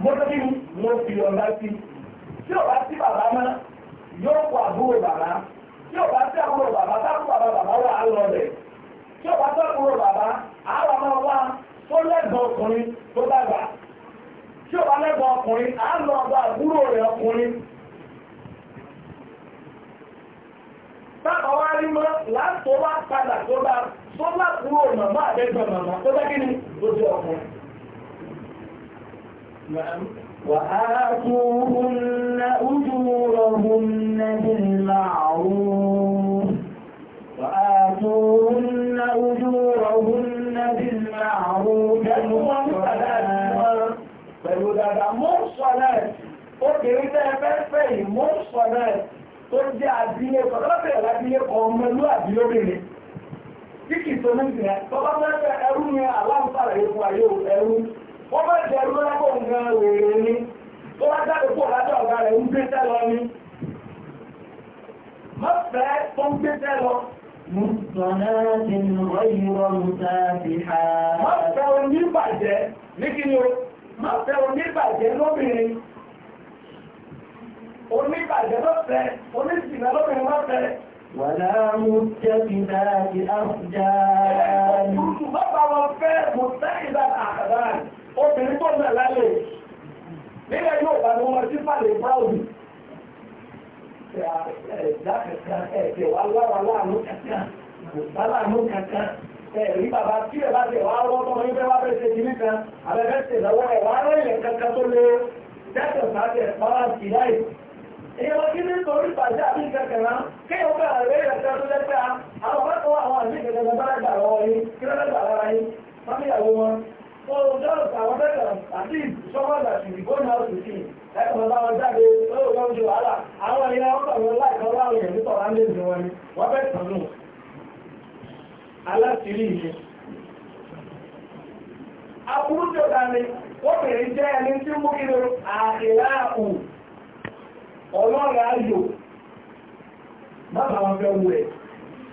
mo tó bí mo fi ọ̀dà sí tí ò bá sí bàbá náà yóò kó àbúrò bàbá tí ò bá sí àbúrò bàbá sáàkó bàbá bàbá wà á lọ bẹ̀ tí ò bá sí àbúrò bàbá àwọn ọmọ wa tó lẹ́gbọ̀n ọkùnrin tó dàgbà tí ò bá lẹ́gbọ̀n ọkùnrin á lọ ọba àbúrò rẹ̀ ọkùnrin. Táàbà wá rí mọ́ látó wá padà tó bá tó bá kúrò màmá àbẹ́gbọ̀n màmá tó bá kí ni lójú ọkùnrin. وآتوهن أجورهن بالمعروف وآتوهن أجورهن بالمعروف Pẹ̀lúdàdà mọ́sọ̀lẹ̀ obìnrin tẹ́ fẹ́fẹ́ yìí mọ́sọ̀lẹ̀ tó jẹ́ àdílé kan lọ́bẹ̀rẹ̀ lábílé kan mẹ́lú àdílóbìnrin. Kíkì tó ní ìsìnkẹ́, tọ́bá mẹ́fẹ́ ẹrú ni aláǹfààrẹ̀ ikú ayé ẹrú wọ́n máa jẹ̀rú lọ́pọ̀ nǹkan wèrè ní tó bá jáde pọ̀ lájọ́ ọ̀gá rẹ̀ ń gbé tẹ́ lọ ní má fẹ́ tó ń gbé tẹ́ lọ Mùsùlùmí ọ̀yọ́ mùsàfihà. Má fẹ́ oníbàjẹ́ ní kí ni o, má lóbìnrin. Oníbàjẹ́ lọ́fẹ́, oníṣìnà lóbìnrin má Wàlá mú jẹ́bìdá ti àfújá. Ẹ̀kọ́ tuntun bá bá wọn fẹ́ mùsàkìdá àkàdá rẹ̀ obìnrin tó nà lálẹ́ nílẹ̀ yóò bá ní wọn sí fàlẹ̀ bráùdì ẹ̀ẹ́dẹ́gbẹ̀ẹ́ wà lára láàánú kankan bá láàánú kankan ẹ̀rí bàbá tí ẹ̀ bá tẹ̀ wá rọ́ tọ́mọ yín fẹ́ wá fẹ́ ṣe kìíní kan abẹ́fẹ́ ṣe ìnáwó ẹ̀ wá rọ́ ilẹ̀ kankan tó lé dẹ́kẹ̀ sáàtẹ̀ pàrọ̀ sí láì èèyàn kí ní torí pàṣẹ àbí kẹkẹrẹ kéèyàn fẹ́ àrẹ́ ìrẹ̀kẹ́ tó lẹ́gbẹ́ àwọn ọ̀pẹ́ tó wà àwọn àbí kẹkẹrẹ bá gbà lọ́wọ́ yín kí lọ́gbà lọ́wọ́ yín fámìyàwó wọn So just àwọn mẹ́ta àti someone that should be going out to see ẹ̀kọ́ bá wọn jáde lọ́wọ́ lọ́wọ́ ju wàhálà àwọn ìyá ọkọ̀ wọn láìpẹ́ láwọn èèyàn nípa ọ̀rá ní ìlú wọn ni wọ́n fẹ́ tàn nù. Aláṣìírí ìṣe. Aburú tí ó ga ni obìnrin jẹ́ ẹni tí mú kí ló àìlá àpò ọlọ́rẹ̀ ayò. Má bàa wọn fẹ́ wù ẹ̀.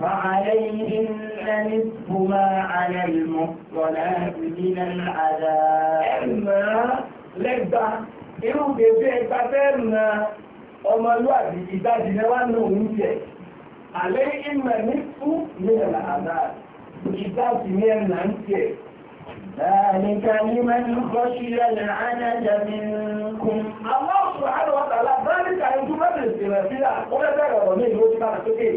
فعليهم نصف ما على المحصنات من العذاب ẹ̀nà lẹ́gbà irú bèbè ẹgbà fẹ́ẹ̀nà ọmọlúwàbí ìdájì lẹ́wà náà ń jẹ àlẹ́ ìmọ̀ nípú ní ẹ̀nà àdá ìdájì ní ẹ̀nà ń jẹ ذلك لمن خشي العنة منكم الله سبحانه وتعالى ذلك يجب أن يستمر فيها قلت لك أمين وجبنا سكين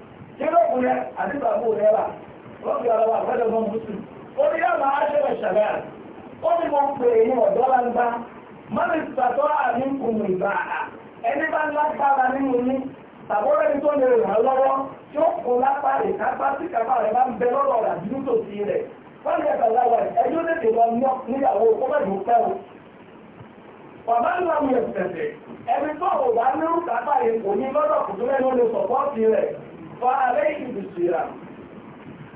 ṣẹ́lọ́kùn rẹ̀ àti bàbú rẹ̀ wà wọ́n fi ọ̀rọ̀ wà fẹ́lẹ̀ mọ́ mùsùn ó ní yàrá aṣẹ́rẹ̀ ṣẹ̀lẹ̀ ó ní mo pè é ní ọ̀dọ́ lágbá mọ́mí pàtó àmì kùnú ìgbà ẹni bá lágbára nínú ní tàbọ́rẹ́ ní tó lè ràn lọ́wọ́ tí ó kún lápá rẹ̀ kápá sí kápá rẹ̀ bá ń bẹ lọ́rọ̀ rà bí tó sí rẹ̀ wọ́n yẹ kàlá wà ẹjọ́ tètè lọ níyàwó kó bẹ́ẹ̀ ló fẹ́ o. bàbá ń lọ mi ẹ̀sẹ̀ ẹni tó ò bá nírú kápá kò ní lọ́dọ̀ kò tó ó lè sọ̀pọ̀ sí rẹ̀ fàálẹ́yìn bìsìlá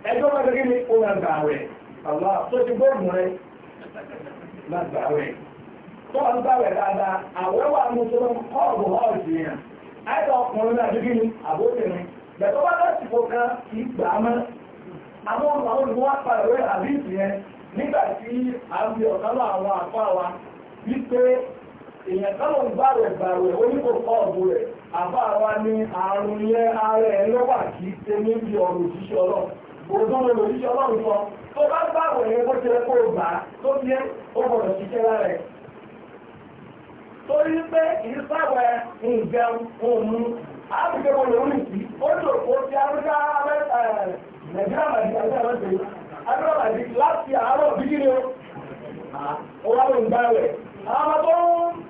ẹjọ́ bá gẹ́gẹ́ ní ọmọ àgbà rẹ̀ àwọn àtọ́jú bọ́ọ̀mù rẹ̀ lágbà rẹ̀ tó ń bá rẹ̀ dáadáa àwẹ́wà mùsùlùm ọ̀bù ọ̀jì ní àbóbìnrin kan èèyàn táwọn ń bá rẹ̀ bà rẹ̀ oníkò pọ̀ ọ̀dọ̀ rẹ̀ àbá wa ní àrùn yẹn ara ẹ̀ lọ́wà kì í ṣe níbi ọ̀rọ̀ òṣìṣẹ́ ọlọ́run òdó lọ òṣìṣẹ́ ọlọ́run sọ tó bá bá rẹ̀ yẹn bó ṣe kó gbà á tó fi ẹ́ ó gbọ́dọ̀ ṣiṣẹ́ lára ẹ̀ torí pé ìsáwẹ̀ nǹkan òmu áfíkẹ́ wọn lòún nìkí ó tó kó ti arúgbó alẹ́ nàìjíríà màdìgbà ní àwọn ìṣẹ̀lẹ̀ arúgbó màdìgbà láti àárọ̀ bí kí ni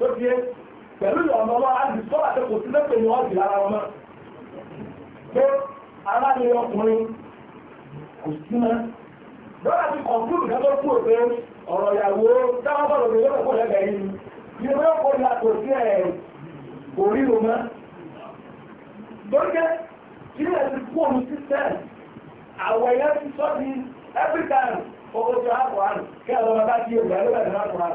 tó fi é pẹ̀lú ọ̀nà ọmọ àti sọ́ra tó kò sí lẹ́pẹ̀ ní ọ̀dì lára ọmọ pé aláàrẹ ọkùnrin kò sí mọ́ lọ́la ti kọ̀ǹkúrù kẹ́kọ̀ọ́ kúrò pé ọ̀rọ̀ ìyàwó dáwọn bọ́ọ̀lù pé yóò kó lẹ́gbẹ̀ẹ́ yìí ni ilé yóò kó la kò sí ẹ̀ kò ríro mọ́ lóríkẹ́ ilé ẹ̀ ti kú omi sísẹ́ àwọ̀ ẹ̀yẹ ti sọ́ di every time owó ti wá kọ̀ àrùn kí ẹ̀ lọ́mọ bá kí ẹ̀ lọ́mọ bá kọ̀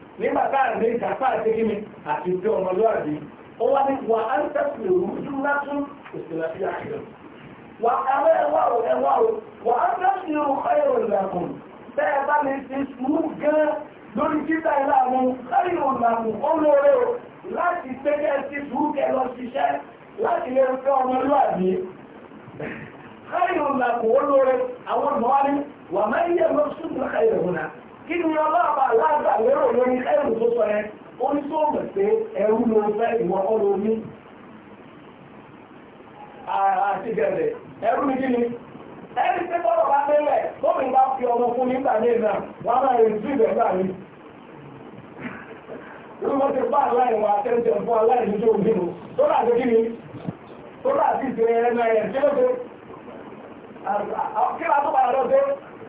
nígbà tá à ń lé ìjàpá àti kíni àti ìjọ ọmọlúwàbí ó wá ní wà á ń tẹ̀sí òrùjú látún òṣèlú àti àṣẹ wà á lọ ẹwà o ẹwà o wà á tẹ̀sí òrùkọ́yọ̀ ìlàkùn bẹ́ẹ̀ bá lè ti sùúrù gan lórí títà ìlànà káyọ̀ ìlàkùn ó lóore o láti tẹ́kẹ́ sí sùúrù kẹ lọ ṣiṣẹ́ láti lè fẹ́ ọmọlúwàbí káyọ̀ ìlàkùn ó lóore àwọn ọmọ wa ní wà máa kí ni ọlọ́ọ̀bà aláàgbà lérò lórí ẹrù tó sọ ẹ ó ní tó mọ̀ pé ẹrù ló fẹ́ omi àti gẹ̀rẹ̀ ẹrù ní kíni ẹni tí bá bá fi ọmọ fún ní wọn máa rìn sí Ní wọ́n ti bá aláìwọ̀ àtẹ́jọ́ fún aláìní tó ń tó rà sí kíni tó rà sí náà kí ló dé?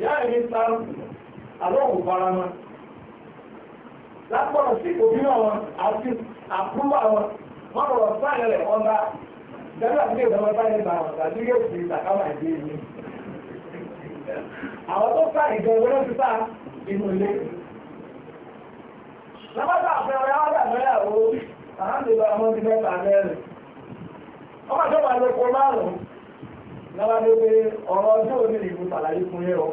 ìyá ẹ̀mí sáré àlọ́hùn fara mọ́ lápọ̀lọ̀ sí òbí náà àti àpúlọ̀ wọn wọ́n rọ̀ sáàyẹ rẹ̀ wọ́n bá dẹ́rẹ́ àti bá wọn tàbí yóò fi ìtàkàmà ìdí ìlú àwọn tó sá ìjọ ìwọ́n ti sá inú ilé lábàtà àfẹ́rẹ́ àwọn àgbẹ̀yàwó àhàndùlọ àwọn ti mẹ́ta mẹ́rin ọmọ n'ụwa ló márùn-ún lọ́wọ́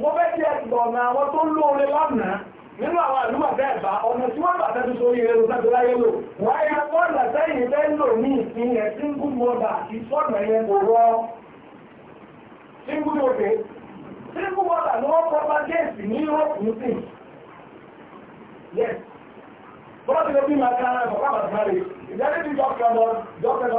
mo fẹ́ kí ẹ gbọ̀ ọ̀nà àwọn tó lóore lánàá nínú àwọn àdúgbà bẹ́ẹ̀ bá ọ̀nà tí wọ́n bàtẹ́ tó sórí ẹrù sáto láyé lò wọ́n yẹ fọ́ọ̀nà sẹ́yìn fẹ́ lò ní ìpínlẹ̀ single mother àti fọ́ọ̀nà yẹn kò rọ single mother single mother ni wọ́n kọ́ bá géèsì ní Europe nìsín yes bọ́ọ̀dì ló bí máa kára ẹ̀kọ́ pàpà sáré ìdájọ́ ti dọ́kítọ̀ lọ dọ́kítọ̀ lọ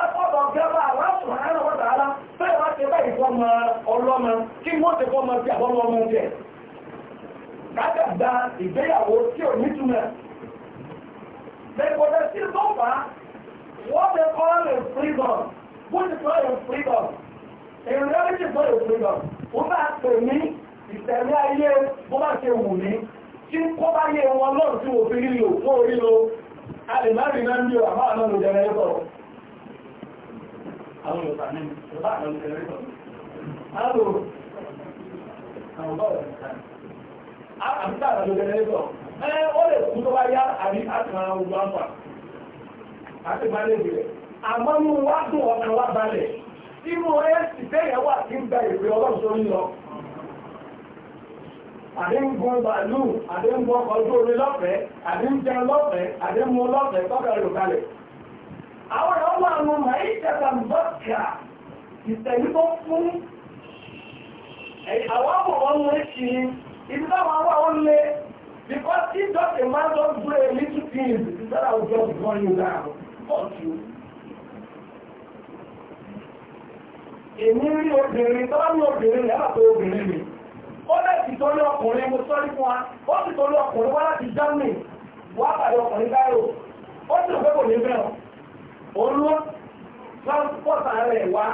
ọ̀pọ̀ gẹ́gbà àwọn àṣùwọ̀n ẹ̀rọ wọ́n tààlá fẹ́ẹ̀ wá ti bẹ́ẹ̀ fọ́mọ ọlọ́mọ kí wọ́n ti fọ́mọ sí àwọn ọmọ jẹ́ kájàgbà ìgbéyàwó tí ò ní túnmẹ̀ lẹ́gbọ́dẹ̀ sí tó fà á wọ́n ti kọ́ lè freedom wọ́n ti kọ́ lè freedom èrò lórí ti kọ́ lè freedom wọ́n bá pè ní ìtẹ̀lé ayé bó bá ṣe wù ní tí kó bá yé wọn lọ́rùn tí wò fi lílo fún orí lo a lè má rí náà ń bí àmọ́ àná lò jẹ́rẹ́ sọ̀rọ̀ àwọn Yorùbá ní Yorùbá àwọn ìtẹ̀lẹ́tọ̀ àlò àwọn bọ́ọ̀lù àbíkà àwọn ìtẹ̀lẹ́tọ̀ ẹ ó lè kú tó bá yá àbí àtàn ogun àpà àti balẹ̀ ìbílẹ̀ àmọ́ mú wá dùn ọkàn wá balẹ̀ inú ẹ sì tẹ́yẹ̀ wà kí ń gba ìpè ọlọ́run tó ń lọ àdéǹgun bàálù àdéǹgun ọkọ̀ ojú omi lọ́fẹ̀ẹ́ àdéǹjẹ lọ́fẹ̀ẹ́ àdéǹmu lọ́fẹ̀ẹ́ tọ́ka rẹ̀ kalẹ̀ àwọn ọmọ àwọn mẹ́ìtẹ̀ta mọ́kà ìtẹ̀lú tó fún àwọn ọmọ wọn lè ṣe ibi táwọn àwọn àwọn because if just a man don do a little thing the seller will just run you down fuck you. èmi rí obìnrin tó ní obìnrin yàrá tó obìnrin mi ó lẹ́sìn tó ní ọkùnrin mo sọ́rí Germany òun ló pọ́sà rẹ̀ wá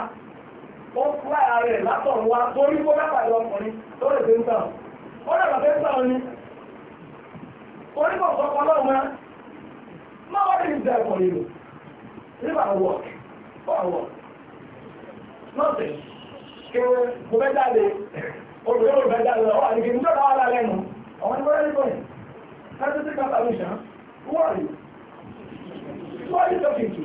ó fúláà rẹ̀ látọ̀run wá torí kó lápàdé ọkùnrin tó lè fi ń tàn ó lè bàbá ń tàn ni onígbọ̀n sọ́kọ́ lọ́wọ́ máa wọ́n ní ìdá ẹ̀kọ́ nílò nígbà wọ̀ ọ̀wọ̀ lọ́sẹ̀ kí mo fẹ́ jáde olùdókòwò fẹ́ jáde lọ́wọ́ àdìgì ní sọ́kọ́ wà lẹ́nu àwọn ní wọ́n rí bọ́yìn láti sí kàtàlùsàn wọ́ọ̀rì wọ́ọ̀rì tọ́kìtì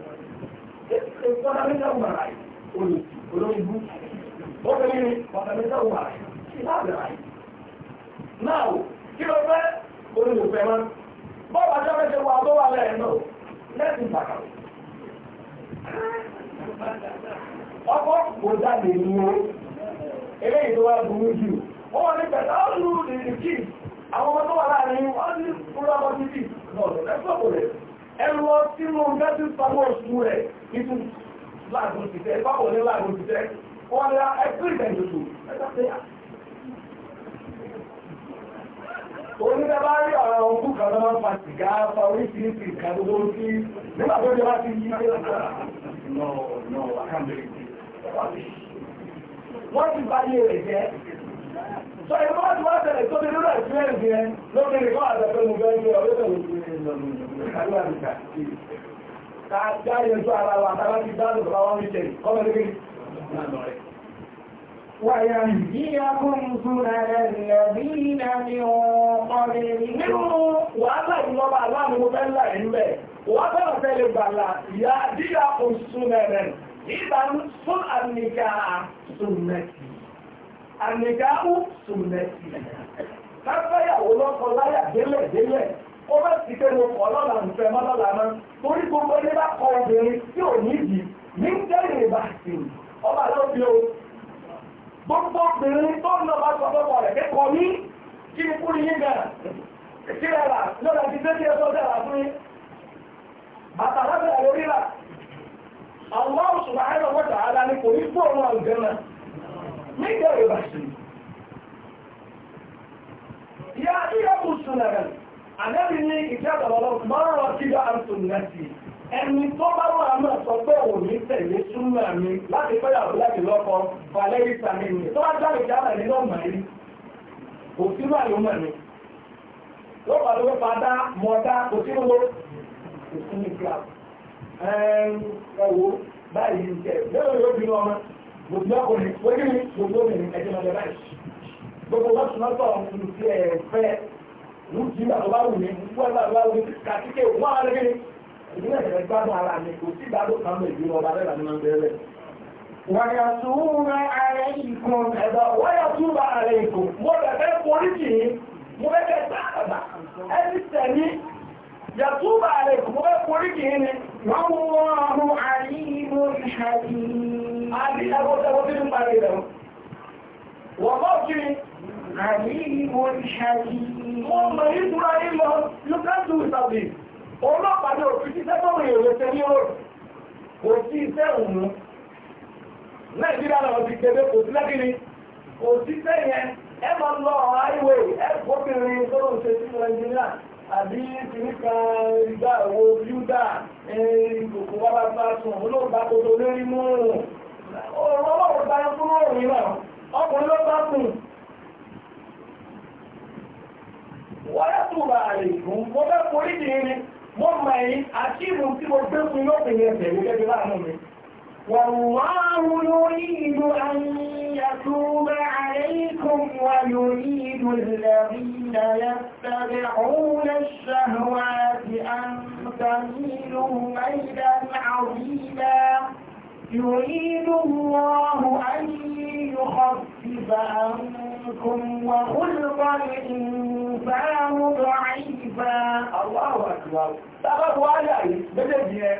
fundamental right olóyìnbó obìnrin fundamental right ìlànà right now kí ló fẹ́ olùlùfẹ́ mọ́ bọ́ọ̀bù ajọ́mẹ́sẹ̀ wà tó wà lẹ́yìn náà lẹ́sìn pàtàkì ọkọ̀ kò jáde ní o eléyìí tó wá burú jù wọ́n wọ́n ní pẹ̀lú ọ́nù ìrìkì àwọn ọmọ tó wà láàrin wọ́n ní fúlọ́mọ́ títì náà lẹ́sọ̀kọ̀ rẹ̀ ẹlọ tí mo ń bẹ́sí sanwó oṣù rẹ̀ nítú láàrín òṣìṣẹ́ ìpapọ̀ ní láàrín òṣìṣẹ́ wọ́n lè ẹgbẹ́ ìdẹ̀jọ̀tò ẹgbẹ́ onídẹ́bá rí ọ̀rọ̀ ọkú kan lọ́wọ́ pa sìgá fa oríṣiríṣi nǹkan tó lórí sí nígbà tó jẹ́ bá ti yí pé wọ́n ti bá rẹ̀ jẹ́ sọ ìgbà tí wọ́n tẹ̀lé tó ti rúrà ìfúrẹ́ǹsì yẹn lókè nìkan àtẹ̀fẹ́ mú bẹ́ẹ̀ ní ọ̀rẹ́ tẹ̀lé ìfúrẹ́ǹsì ويهديكم سنن الذين من قبلكم وهذا النبى الله مبلغ به وهذا سلم الله يهديكم سنن إذا سنن النكاح سنتي àmìgáhù sùnmẹ̀sì káfẹ́yàwó lọ́kọ láyà délẹ̀ délẹ̀ ó bá ti pé mo kọ́ lọ́la nfẹ́ mọ́ lọ́la mọ́ torí gbogbo ilé bá kọ obìnrin tí ò ní ìdí ní tẹ́lẹ̀ bá sì ọba ló fi o gbogbo obìnrin tó ń lọ bá sọ fọ́fọ́ rẹ̀ kẹ́kọ̀ọ́ ní kí ni kúrin yín gàrà kí ẹ rà lọ́la ti dé sí ẹ sọ́jà rà fún yín bàtà lábẹ́ àlórí rà àwọn ọ̀ṣùn àárọ̀ wọ́n tà á lá ní kò ní fóònù àgbẹ̀mọ̀ Neyle uğraştınız? Ya İyabul Süneren, Anabi ní ìjáde ọ̀rọ̀ máa wá sí àǹtùn lẹ́sì. Ẹni tó bá wà náà sọ pé ò ní tẹ̀lé súnmọ́ mi láti pẹ́ àwọn láti lọ́kọ Valérie Sami ni. Tó bá jáde jáde nínú ọ̀mọ̀ yìí, kò sí wà ló mọ̀ mi. Ló wà ló pa dá mọ dá kò sí wo. Kò sí ní kíláàsì. Ẹ wo báyìí ń jẹ, lórí obìnrin ọmọ gbogbo ọkùnrin wọ́n ní gbogbo obìnrin ẹ̀jẹ̀ máa jẹ báyìí gbogbo wọn sùn lọ́tọ̀ ọ̀hún ti ẹ̀ fẹ́ wù jí bàbá bá wù mí wọ́n bá bá wù mí kàtíkè wọ́n á lé ìdílé ẹ̀rẹ́ gbádùn ara mi kò sí ìgbádùn kan mọ̀ ìdílé ọba rẹ̀ lànà bẹ̀rẹ̀. wàyàtúwà ààrẹ ìkùn ẹ̀dọ̀ wàyàtúwà ààrẹ ìkùn mo bẹ̀rẹ̀ يتوب عليكم ويقولكين والله عليم حكيم هذه أقول تقول مريضا وقولك عليم حكيم ثم يدرى إلا يكاد يصدق ọlọ́pàá ní òfin títẹ́ tó rìn èrè tẹ́ ní òòrùn kò sí iṣẹ́ òun nàìjíríà náà ti gbẹ̀gbẹ̀ kò sí lẹ́gìrì kò sí iṣẹ́ yẹn ẹ máa lọ ọ̀rọ̀ ayíwèé ẹ kóbìnrin tó ń ṣe sínú ẹnjìnírà àbí kìníkà ìgbà wo yúdà ẹ̀yìn gbogbo wá bá bá sùn olóògbà tó tó lórí mú òun ọlọ́run bá fún òun náà ọkùnrin ló bá kùn wọ́yá tó bá rè fún mo fẹ́ forí dìrín ni mo mọ̀ ẹ̀yìn àti ìrùn tí mo gbé fún lópin ẹ̀sẹ̀ mi gẹ́gẹ́ láàánú mi والله يريد أن يتوب عليكم ويريد الذين يتبعون الشهوات أن تميلوا ميلا عظيما يريد الله أن يخفف عنكم وخلق الإنسان ضعيفا الله أكبر تغروا على آية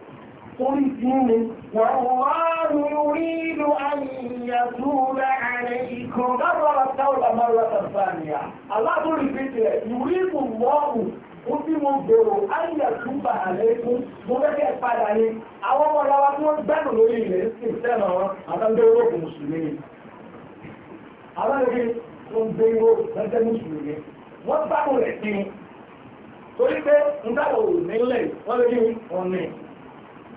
والله يريد أن يتوب عليكم مرة التوبة مرة ثانية الله تقول الفترة يريد الله ó tí mo gbèrò ayélujára àlékún mo fẹ́kẹ́ padà ní àwọn ọmọ ọlọ́wà tí wọ́n gbẹ́nu lórí ilẹ̀ sí ìfẹ́nà wọn àtàndé olóògùn mùsùlùmí àwọn tó ń gbé ìwò lẹ́jẹ́ mùsùlùmí wọ́n gbàgbọ́ rẹ̀ sí torí pé ń dábò nílẹ̀ wọ́n lè ní ọ̀nà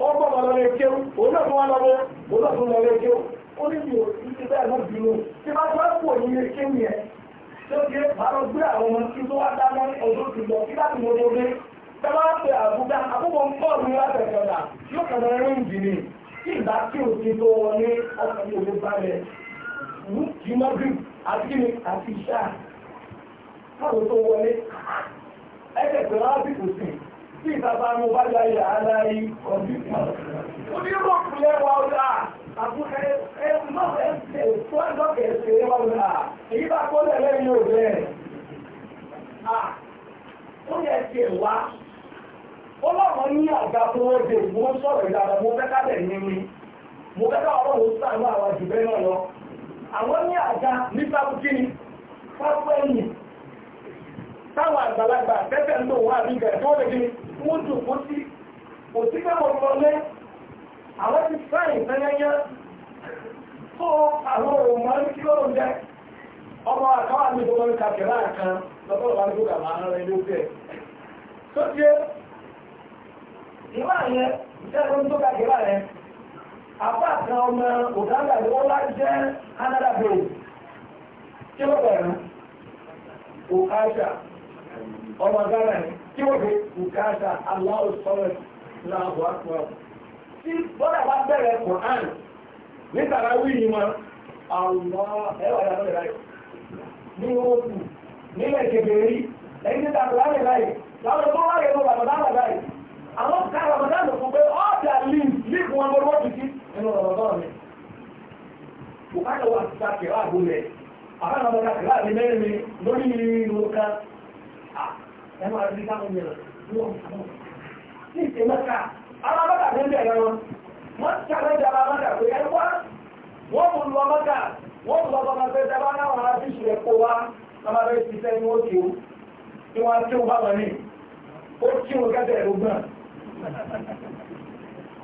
ó wọn lọ́lé kéwú òun wọn lọ́wọ́ òun náà kéwú ó ní bí o ti bẹ́ẹ̀ náà bínú tí bá tó kú òun ní kéwú yẹn tó gé máa lọ gbé àwọn ọmọ tí tó wá dáná ọdún ti lọ kí láti mọ́tò dé tẹ́ bá pè àbúgbà àkókò ń pọ̀ ní látẹ̀kọ̀dà yóò kàn án rìn jì ní ìgbà tí o ti tó wọn ní ọkùnrin òun balẹ̀ mú kí mọ́gì àti àti ìṣá káwọn tó wọlé ẹ̀ẹ́dẹ̀gbẹ̀rún á sì kò sí tí bàbá mo bá yà yà á ọdún kan. ní rọ́ọ̀kù lẹ́wà ọ̀dà àbúkẹ́ sọ̀rọ̀ ìdára mo fẹ́ kábẹ̀ ní mi. Mo fẹ́ ọlọ́run sàánú àwọn àjùbẹ́ náà lọ. Àwọn ní àga ní sábùkí ni, táwọn àgbàlagbà tẹ́tẹ̀ ń tó lè kí kún kwụsị kún sí kò sí káwọn wọlé ti sáyìn fẹ́yẹ́yẹ́ tó àwọn òun máa ń kí lọ́rùn jẹ́ ọmọ àkáwà ní ìfowópamọ́ ụka kàkẹ́rà kan lọ́pọ̀lọpọ̀ àti gbogbo àwọn ará ẹni ó bẹ̀. tó ṣe ìwà yẹn ìṣẹ́gun tó kàkẹ́rà yẹn apá kan ọmọ òdàgbà ni wọ́n wá jẹ́ tí ó fi bùkátà aláwọ̀ sọ́rọ̀ láàbọ̀ àpọ̀. Tí bọ́dà bá bẹ̀rẹ̀ Quran ní Tàràwí ni wọn, àwọ̀ ẹwà ìyàwó ìráyè. Ní wọ́n kù nílẹ̀ kèbèrí, ẹni tí Tàràwí rẹ̀ láyè, láwọn tó wáyé lọ Ramadan láyè. Àwọn ká Ramadan lọ fún pé all their limbs leave wọn bọ́ wọ́n ti sí nínú Ramadan mi. Bùkátà wà ti sàkè wá àgbo rẹ̀. Àwọn àwọn ọmọ kàkìlá mi mẹ́rin mi lórí ìlú kan ẹ máa rí káwọn yẹn wọ́n ní ìsèmẹ́ka alábàtà ní bẹ̀rẹ̀ wọn wọ́n ti sáré jẹ alábàtà pé ẹ wá wọ́n mú lu ọmọdà wọ́n mú lọ́kọ́ máa fẹ́ dábàá náà wọn á ti ṣe ẹ̀kọ́ wa lọ́mọ bẹ́ẹ̀ ti fẹ́ ní ó ti o kí wọ́n á tí ó bá wọn ní ó tí ó gẹ́gẹ́ ẹ̀rọ gbọ́n.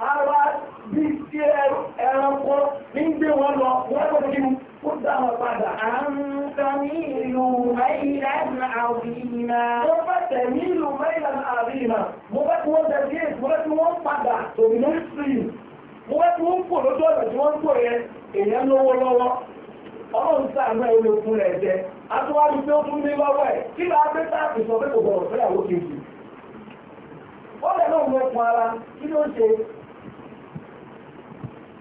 ara bí tí ẹranko ní gbé wọn lọ wọ́n kọ́ kí ó dá padà. à ń sọ ní ìlú mẹ́ìlá àbínà. mo fẹ́ tẹ̀ ní ìlú mẹ́ìlá àbínà mo fẹ́ tí wọ́n tẹ̀ sí èsì mo tí wọ́n padà ní mo tí wọ́n pò lójú ọ̀nà tí wọ́n pò yẹn èèyàn lówó lọ́wọ́ ọlọ́run ẹ̀ ló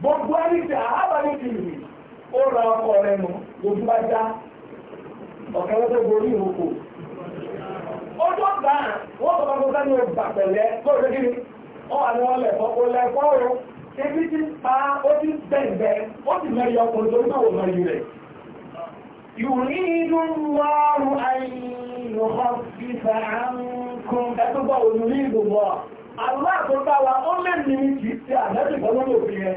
gbogbo ẹnìtì àhábàní tìrì ó ra ọkọ̀ rẹ̀ nù lójú bá já ọ̀kẹ́rẹ́ tó borí ìrókò ojú ọ̀gá wọ́n tọ́ka tó sẹ́nu ọgbà pẹ̀lẹ́ lóòrè kí ni ó wà ní ọlẹ̀ fọ́kọ́ lẹ́kọ́ o ebi ti pa ó ti bẹ̀ẹ̀bẹ̀ ó ti mẹ́rin ọkùnrin tó náà wò mẹ́rin rẹ̀ يريد الله أن يخفف عنكم أتبع يريد الله الله tó bá wa ó lè ní ìtì àdájì kan lórí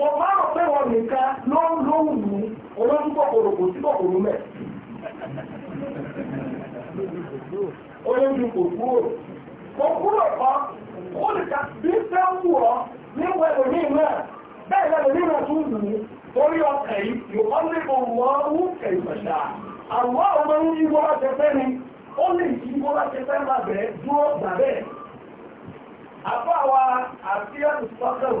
mo bá rò pé wọn nìkan ló ń lóhùn kò sí kòkòrò mẹ́. olójú kò kúrò kò kúrò kọ́ ó lè ka bí fẹ́ wù ọ́ ní ẹlòmíì náà bẹ́ẹ̀ lẹ́lòmíì náà tún wù ú torí yìí yóò lè wọ́n wù àwọn ọmọ ń yí wọ́n láti fẹ́ ni ó lè yí wọ́n láti fẹ́ dúró gbà bẹ́ẹ̀. wa àti sọ́kẹ̀rù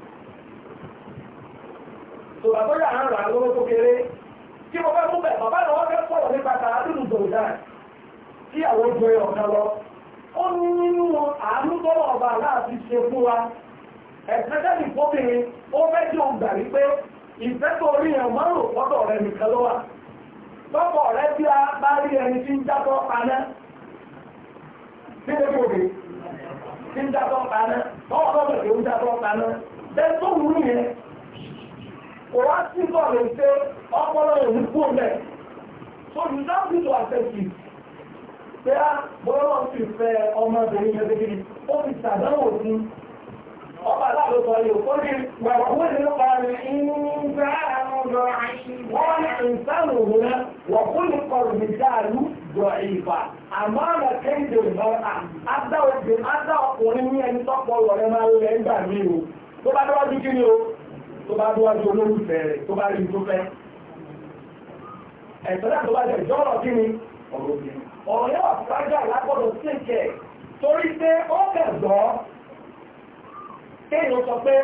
tòbá tó rà lówó tó kéré tí mo fẹ́ mú bàbá náà fẹ́ sọ̀rọ̀ nípa tààdùnù dòdà tí àwọn ojú ẹ̀ ọ̀kan lọ ó ní nínú àánú tọ́lọ̀ ọba aláàfin ṣe fún wa ẹ̀sẹ̀tẹ́lì fóbìnrin ó fẹ́ tí ó gbà wípé ìfẹ́ tó rí ẹ̀ márùn lọ́dọ̀ rẹ̀ nìkan ló wà lọ́pọ̀ rẹ̀ bí a bá rí ẹni tí ń jábọ́ paná nílé kòrè tí ń jábọ́ paná lọ́wọ́ lọ́dọ̀ tó ń jábọ́ paná bẹ́ẹ̀ tó wù ú yẹn kò wá sí bọ́ọ̀lù pé ọpọlọ òun kú mẹ́ so you don't need to accept it pé á bọ́ọ̀lù ti fẹ́ ọmọbìnrin yẹn kékeré ó fi ṣàdánwò sí ọba aláàbò sọ yìí ó ní wàhùn ní kọrin ìgbà àmúlò wọ́n ní ìsánù òun náà wàhùn ní kọrin ní dáàlú dọ̀ ìfà àmọ́ ọ̀nà kéde ìmọ̀ra adá ọkùnrin ní ẹni tọ́pọ̀ máa o tó bá kí ni o tó bá dúwájú olólùfẹ́ rẹ̀ tó bá rí tó fẹ́ ẹ̀tọ́lá tó bá jẹ́ ìjọ́rọ̀ kí ni ọ̀rọ̀ bí ọ̀rọ̀ yóò wà fúrájà lápọ̀dọ̀ sí ìkẹ́ torí pé ó kẹ̀gbọ́ kéèyàn sọ pé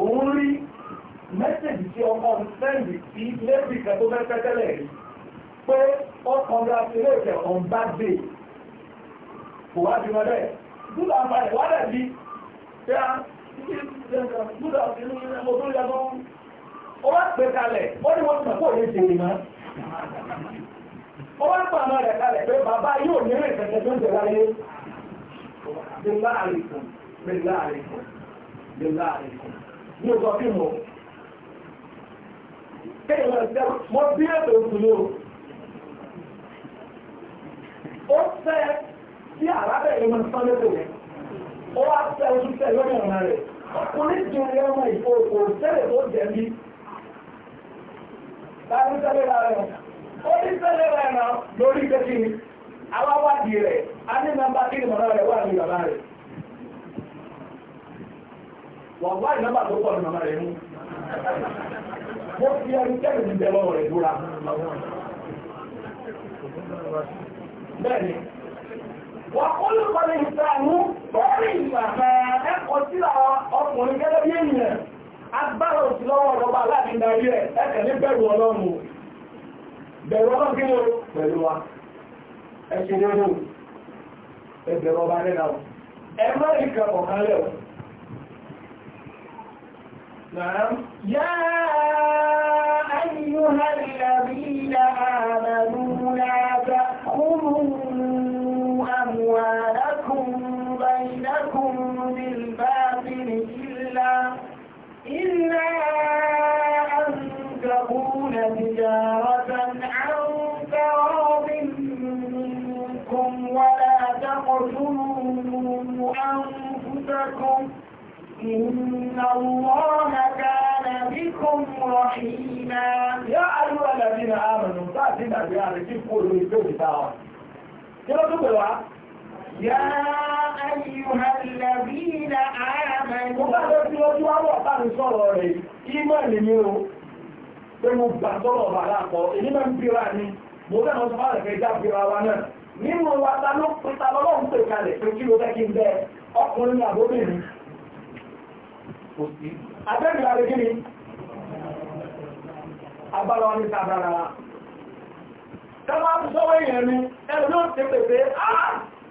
òun rí mẹ́sẹ̀jì tí ọkọ sẹ́ndì sí lẹ́bí ìkẹ́ tó fẹ́ tẹ́tẹ́lẹ̀ kò wá bí wọn bẹ́ẹ̀ dúdà ń balẹ̀ wá dẹ̀ bí pé ó wá pè kalẹ̀ ó ní wọ́n ti mọ̀ kó lè ṣe ìmọ̀ ó wá pè àmọ́ rẹ̀ kalẹ̀ pé bàbá yóò ní rìn tó ń tẹ̀lá yé bí láàrin kù bí láàrin kù bí láàrin kù ní ọjọ́ bí mo kéèyàn ẹ̀sẹ̀ mo bí ètò òkùnrin o ó fẹ́ sí àrábẹ̀ ìmọ̀ sọ́lẹ́tò yẹn ó wá tẹ ojú tẹ ọ̀nà rẹ̀ oníjìn rẹ̀ ọmọ ìfò kò tẹ́lẹ̀ tó jẹ̀bi láti tẹ́lẹ̀ rẹ̀ ó ní tẹ́lẹ̀ ra rẹ̀ lórí tẹ́kí ni aláwádìí rẹ̀ a ní kí ni mọ̀nà rẹ̀ wà ní bàbá rẹ̀ wà wá ìnọ́mbà tó pọ̀ ní mọ̀nà rẹ̀ mú mo fi ẹni bẹ̀rẹ̀ bẹ́ẹ̀ ni wàkúlù kọ́lé ìsàmú bọ́ọ̀lì ìgbàgbà ẹ̀kọ́ sí ọkùnrin gẹ́gẹ́ bí ènìyàn agbára òsì lọ́wọ́ ọ̀rọ̀bá láti darí ẹ̀ ẹ̀kẹ́ ní bẹ̀rù ọlọ́run bẹ̀rù ọlọ́run kí ni o pẹ̀lú wa ẹ ṣe ní ọdún ẹ bẹ̀rù ọba rẹ̀ náà ẹ má rí kẹ́kọ̀ọ́ kan lẹ̀ يا أيها الذين آمنوا لا تأخذوا أموالكم بينكم بالباطل إلا إلا أن تكون تجارة عن تراض منكم ولا تقتلوا أنفسكم إن الله كان بكم رحيما يا أيها الذين آمنوا تأتينا بأهلكم كل يوم دعوة كما تقولوا يا أيها الذين آمنوا Nínú wa ta ló pẹ́ta lọ́wọ́ pè kalẹ̀ pé kí ló fẹ́ kí n bẹ ọkùnrin ní àbóbìnrin. Abẹ́bìnrin àrẹ kí ni? Abára ní sábára. Tọ́lá ti sọ́wọ́ èèyàn ni, ẹ̀rọ ló ti pèsè,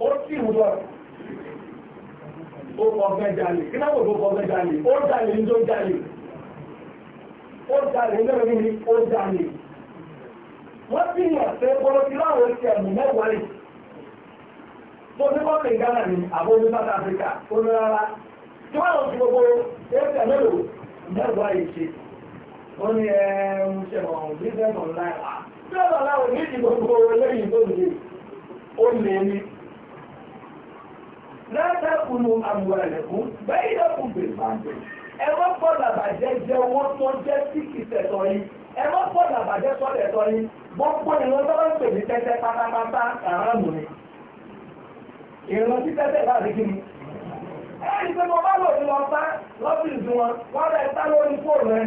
ó sì ń lọ ó kọ̀ọ̀fẹ́ jalè kí náà kò kọ̀ọ̀fẹ́ jalè ó jalè ní tó jalè ó jalè ní lọ́rọ̀ ní ó jalè wọ́n sì ń ọ̀sẹ̀ bọ́lọ́ sí láwọn oṣù ẹ̀mù mẹ́wàá rẹ̀ tó ní bọ́ọ̀lù Ghana ní àbó ní South Africa ó ní rárá tí wọ́n lọ sí gbogbo ẹ̀sẹ̀ mélòó mẹ́wàá rẹ̀ ṣe ó ní ẹ̀ẹ́m ṣe ọ̀hún business online. bí ọ̀la ò ní ìdìbò lẹ́yìn tó ń ṣe ó lè ní látàkùnù àmúwẹ̀lẹ̀kùn bẹ́ẹ̀ yẹ́kùn bèèrè ẹ má fọ́nà àbàjẹ́ jẹ́ owó tó jẹ́ síkì tẹ̀tọ̀ yìí ẹ má fọ́nà àbàjẹ́ sọ́dẹ̀ tọ́ yìí gbogbo ìran tó bá ń pè ní tẹ́tẹ́ pátápátá àrámù ni ìran tí tẹ́tẹ́ bá rí kí ni ẹni pé mo bá lò ní lọ bá lọ́fíìsì wọn wọ́n lẹ sá lórí fóònù ẹ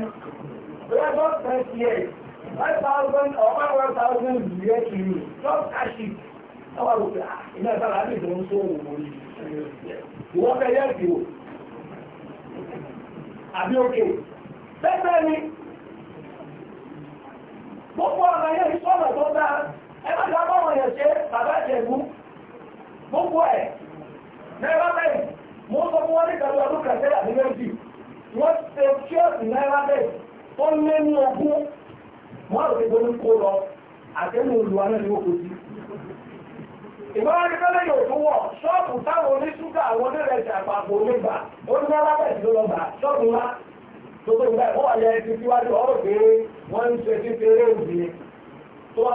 lọ́jọ́ twenty eight five thousand or five thousand yẹ kiri just cash káwà ló pé ah, iná ìtara ní ìdòwò ń sóhùn òní ìwọ́n fẹ́ yẹ́ ìdìwò àbí òkè bẹ́ẹ̀ ni gbogbo ọ̀nà yẹ́ ìṣọ́nà tó dáa ẹ má dá bọ́ wọ̀nyẹ̀ ṣe bàbá ìṣẹ̀gún gbogbo ẹ̀ náírà bẹ́ẹ̀ mo sọ fún wọn ní kẹlú ọdún kẹsẹ́ àti méjì wọ́n ṣe kíọ́sì náírà bẹ́ẹ̀ tó lé ní ogún wọ́n rò pé gbogbo kó lọ àtẹ́nu olùwà náà ní òkú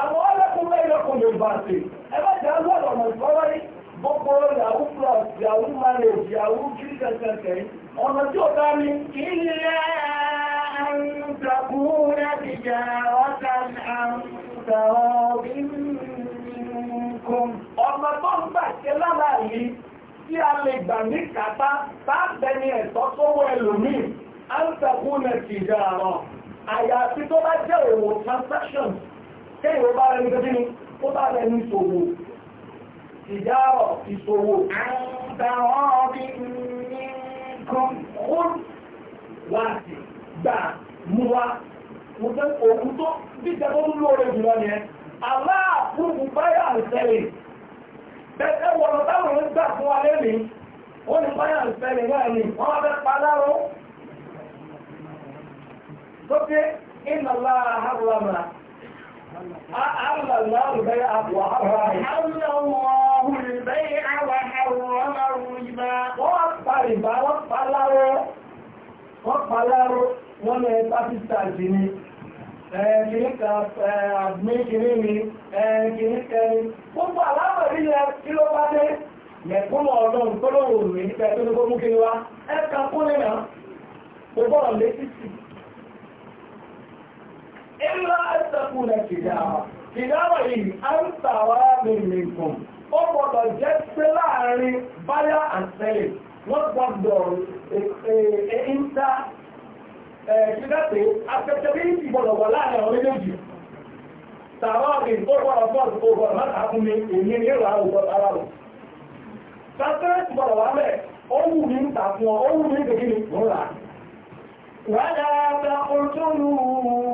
àwọn ọlọ́kùnrin ẹ̀yọ́kùn lè bá ṣe ẹ má jẹ́ àwọn ọ̀nà ìfọ́wọ́rí gbogbo yahoo plus yahoo marriage yahoo kiri kẹ̀kẹ́ ọ̀nà tí ó dá ní. ilé àǹtakùnrin àtijọ́ ọ̀sán àǹtakùnrin ọmọ tó ń gbà ṣe lára yìí tí a lè gbà ní kàtá tábẹ́ni ẹ̀tọ́ sówó ẹlòmíì àǹtakùnrin àtijọ́ àrọ̀ àyàfi tó bá jẹ́ òwò transaction kéèyàn bá rẹ̀ ní pé kíni ó bá rẹ̀ ní ìṣòwò ìdáwọ̀ ìṣòwò àtàwọn ọdún nìkan ó wà sí gbà mú wa mo fẹ́ òun tó dídẹ tó ń lóore jùlọ nìyẹn aláàfúrú báyà ń sẹ́lẹ̀ bẹ́ẹ̀ wọ̀nà táwọn ń gbà fún wa lẹ́mìí ó ní báyà ń sẹ́lẹ̀ náà ni wọ́n wá fẹ́ pa láró tó pé ìnàlá àhàrùwàmà أحل الله البيع وحرم البيع وحرم الربا وقف ربا وقف لارو وقف لارو wọ́n ẹ pásítà jì ní kìníkà àgbé kìní mi kìníkà ni gbogbo إلا أن تكون تجارة تجارة أن تراب منكم ó gbọ́dọ̀ jẹ́ pé láàrin buyer and seller wọ́n gbọ́dọ̀ ẹ̀ẹ́ta ṣígáte afẹ́tẹ̀bíyìí gbọ́dọ̀ wà láàrin àwọn méjèèjì tààrọ́bìn ó gbọ́dọ̀ ó mi èmi ní wà fún ọ ó wù mí ń ni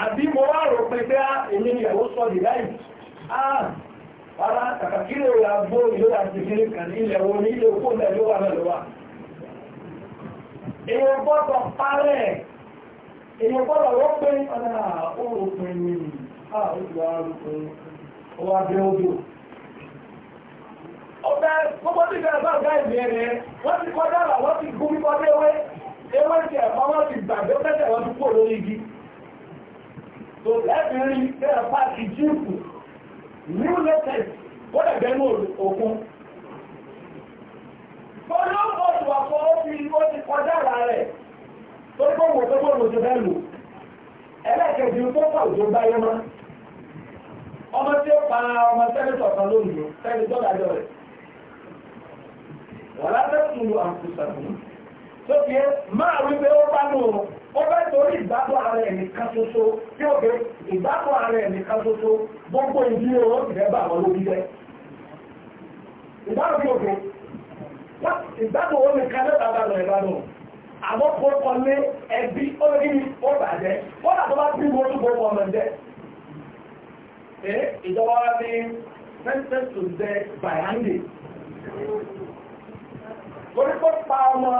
àbí mo wá rò pé pé ah, èmi ni ìyàwó sọ dì láì ah, ara kàkàkiri ìlà gbó ìlú àti kiri kan ilẹ̀ wo ní ilé okó ilẹ̀ ló wà lọ́wọ́ èèyàn gbọ́dọ̀ parẹ́ èèyàn gbọ́dọ̀ wọ́n pé ọ̀nà òòrùn ní àwòrán ọwọ́ abẹ́ odò ọ̀bẹ gbogbo tí ìjọba bá gbá tó lẹ́bìnrin bẹ́ẹ̀ bá jíìpù new latest ó ní òkun tó ló ń bọ̀ ìwà fọ́ ó ti kọjá ara rẹ̀ tó gbọ́wọ́ tó gbọ́wọ́ tó bẹ́ẹ̀ lò tó kọ̀ òjò báyé máa ọmọ tí ó pa ọmọ sẹ́lẹ̀tọ̀ kan lónìí dájọ́ rẹ̀ wọ́n lu ó fẹ́ torí ìgbádùn ara ẹ̀ nìkan ṣoṣo tí ó gbé ìgbádùn ara ẹ̀ nìkan ṣoṣo gbogbo ìdí owó ti fẹ́ bà wọ́n lórí jẹ́ ìgbádùn bí òkè ìgbádùn owó nìkan ló bá bàbá ìgbádùn àmọ́ kó kọ lé ẹbí ó lé ní ó bàjẹ́ ó dà tó bá bí mo tún gbogbo ọmọ jẹ́ ìjọba wa ní sentence to death by hanging torí kó pa ọmọ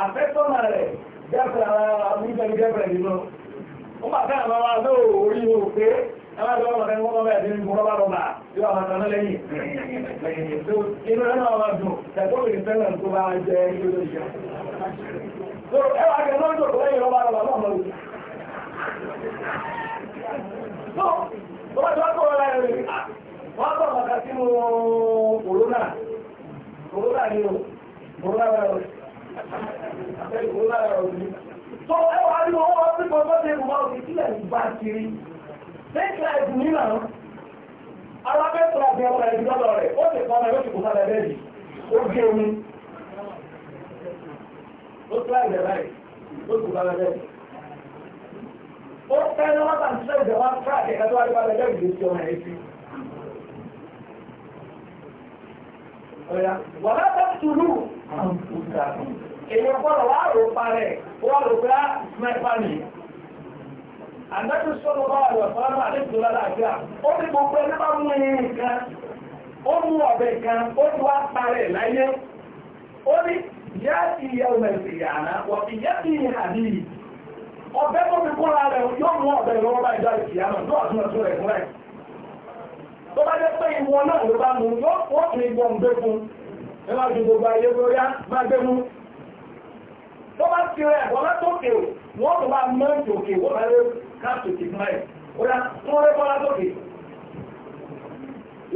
àfẹ́sọ́nà rẹ̀ gẹ́fẹ̀rẹ̀ àwọn abúrúkẹ́ ní gẹ́fẹ̀rẹ̀ nínú ó bà fẹ́ àwọn àwọn orí wo pé ẹwàjọ́ ọmọdé ń kọ́kọ́ bẹ́ẹ̀ nínú rọ́bà rọ́bà tí wọ́n máa tọ́lá lẹ́yìn inú rẹ̀ náà wà dùn tẹ̀kọ́ tó bá jẹ́ ilé lóṣìṣẹ́ ké ní ó tó àgbẹ̀ báyìí ó tó bá bẹ́ẹ̀ ó tẹ́lẹ̀ wọ́n bá ń tẹ́lẹ̀ ìjọ wá fún àti ẹ̀ka tó wá ní bàbá ẹgbẹ́ ìgbésí ọmọ ẹ̀ sí. ọ̀yà wọ́n bá tùlù èèyàn gbọ́dọ̀ wá rò parẹ́ wọ́n rò pé á mẹ́fà nìyí àdájọ́ sọ́nù bá wà lọ́sọ̀rọ̀ àdéhùn lọ́la àgbà ó ní gbogbo ẹni ó mú ọ̀bẹ kan ó ti wá parẹ̀ láyé ó ní ìyá ti ìyá ọmọ ìsìyà àná wọ́n ti yá ti ìyá àbí ọ̀bẹ tó fi kúnra rẹ̀ yóò mú ọ̀bẹ lọ́wọ́ bá ìjọ ìsìyà náà tó ọ̀tún ọ̀tún rẹ̀ fún rẹ̀ tó bá jẹ́ pé ìwọ náà ló bá mú yóò fún ọ̀tún ìgbọ̀n gbé fún ẹ rẹ̀ fún rẹ̀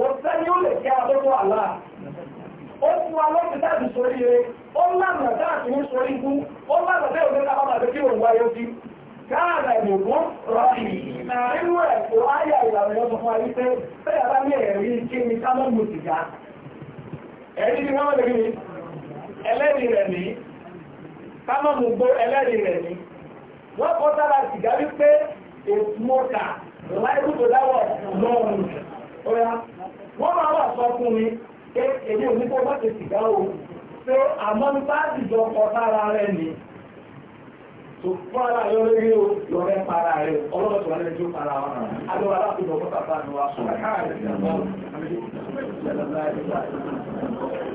wọ́n sẹ́ni ó lè jẹ́ abẹ́kọ̀ àlá ó fún alọ́sí dáàbì sórí rẹ̀ ó lànà dáàbì ní sórí ikú ó lànà bẹ́ẹ̀ òní káwọn àbẹ́ kí òun wáyé sí káàrà ìlòkún rọ̀ì nínú ẹ̀ kó áyà ìlànà yọ sọ fún ayé pé bẹ́ẹ̀ ni ká mọ́ mu ni wọ́n lè rí ẹlẹ́rìí rẹ̀ ní ká mọ́ mu gbó ẹlẹ́rìí wọ́n máa wà sọ fún mi pé èmi ò ní kó má ti sìgá o pé àmọ́ ní bá dìjọ kọ sára rẹ̀ ni tó fún ara yọ lórí o yọ rẹ para rẹ ọlọ́dọ̀ tó wà lẹ́yìn tó para wa adó wa láti lọ fún bàbá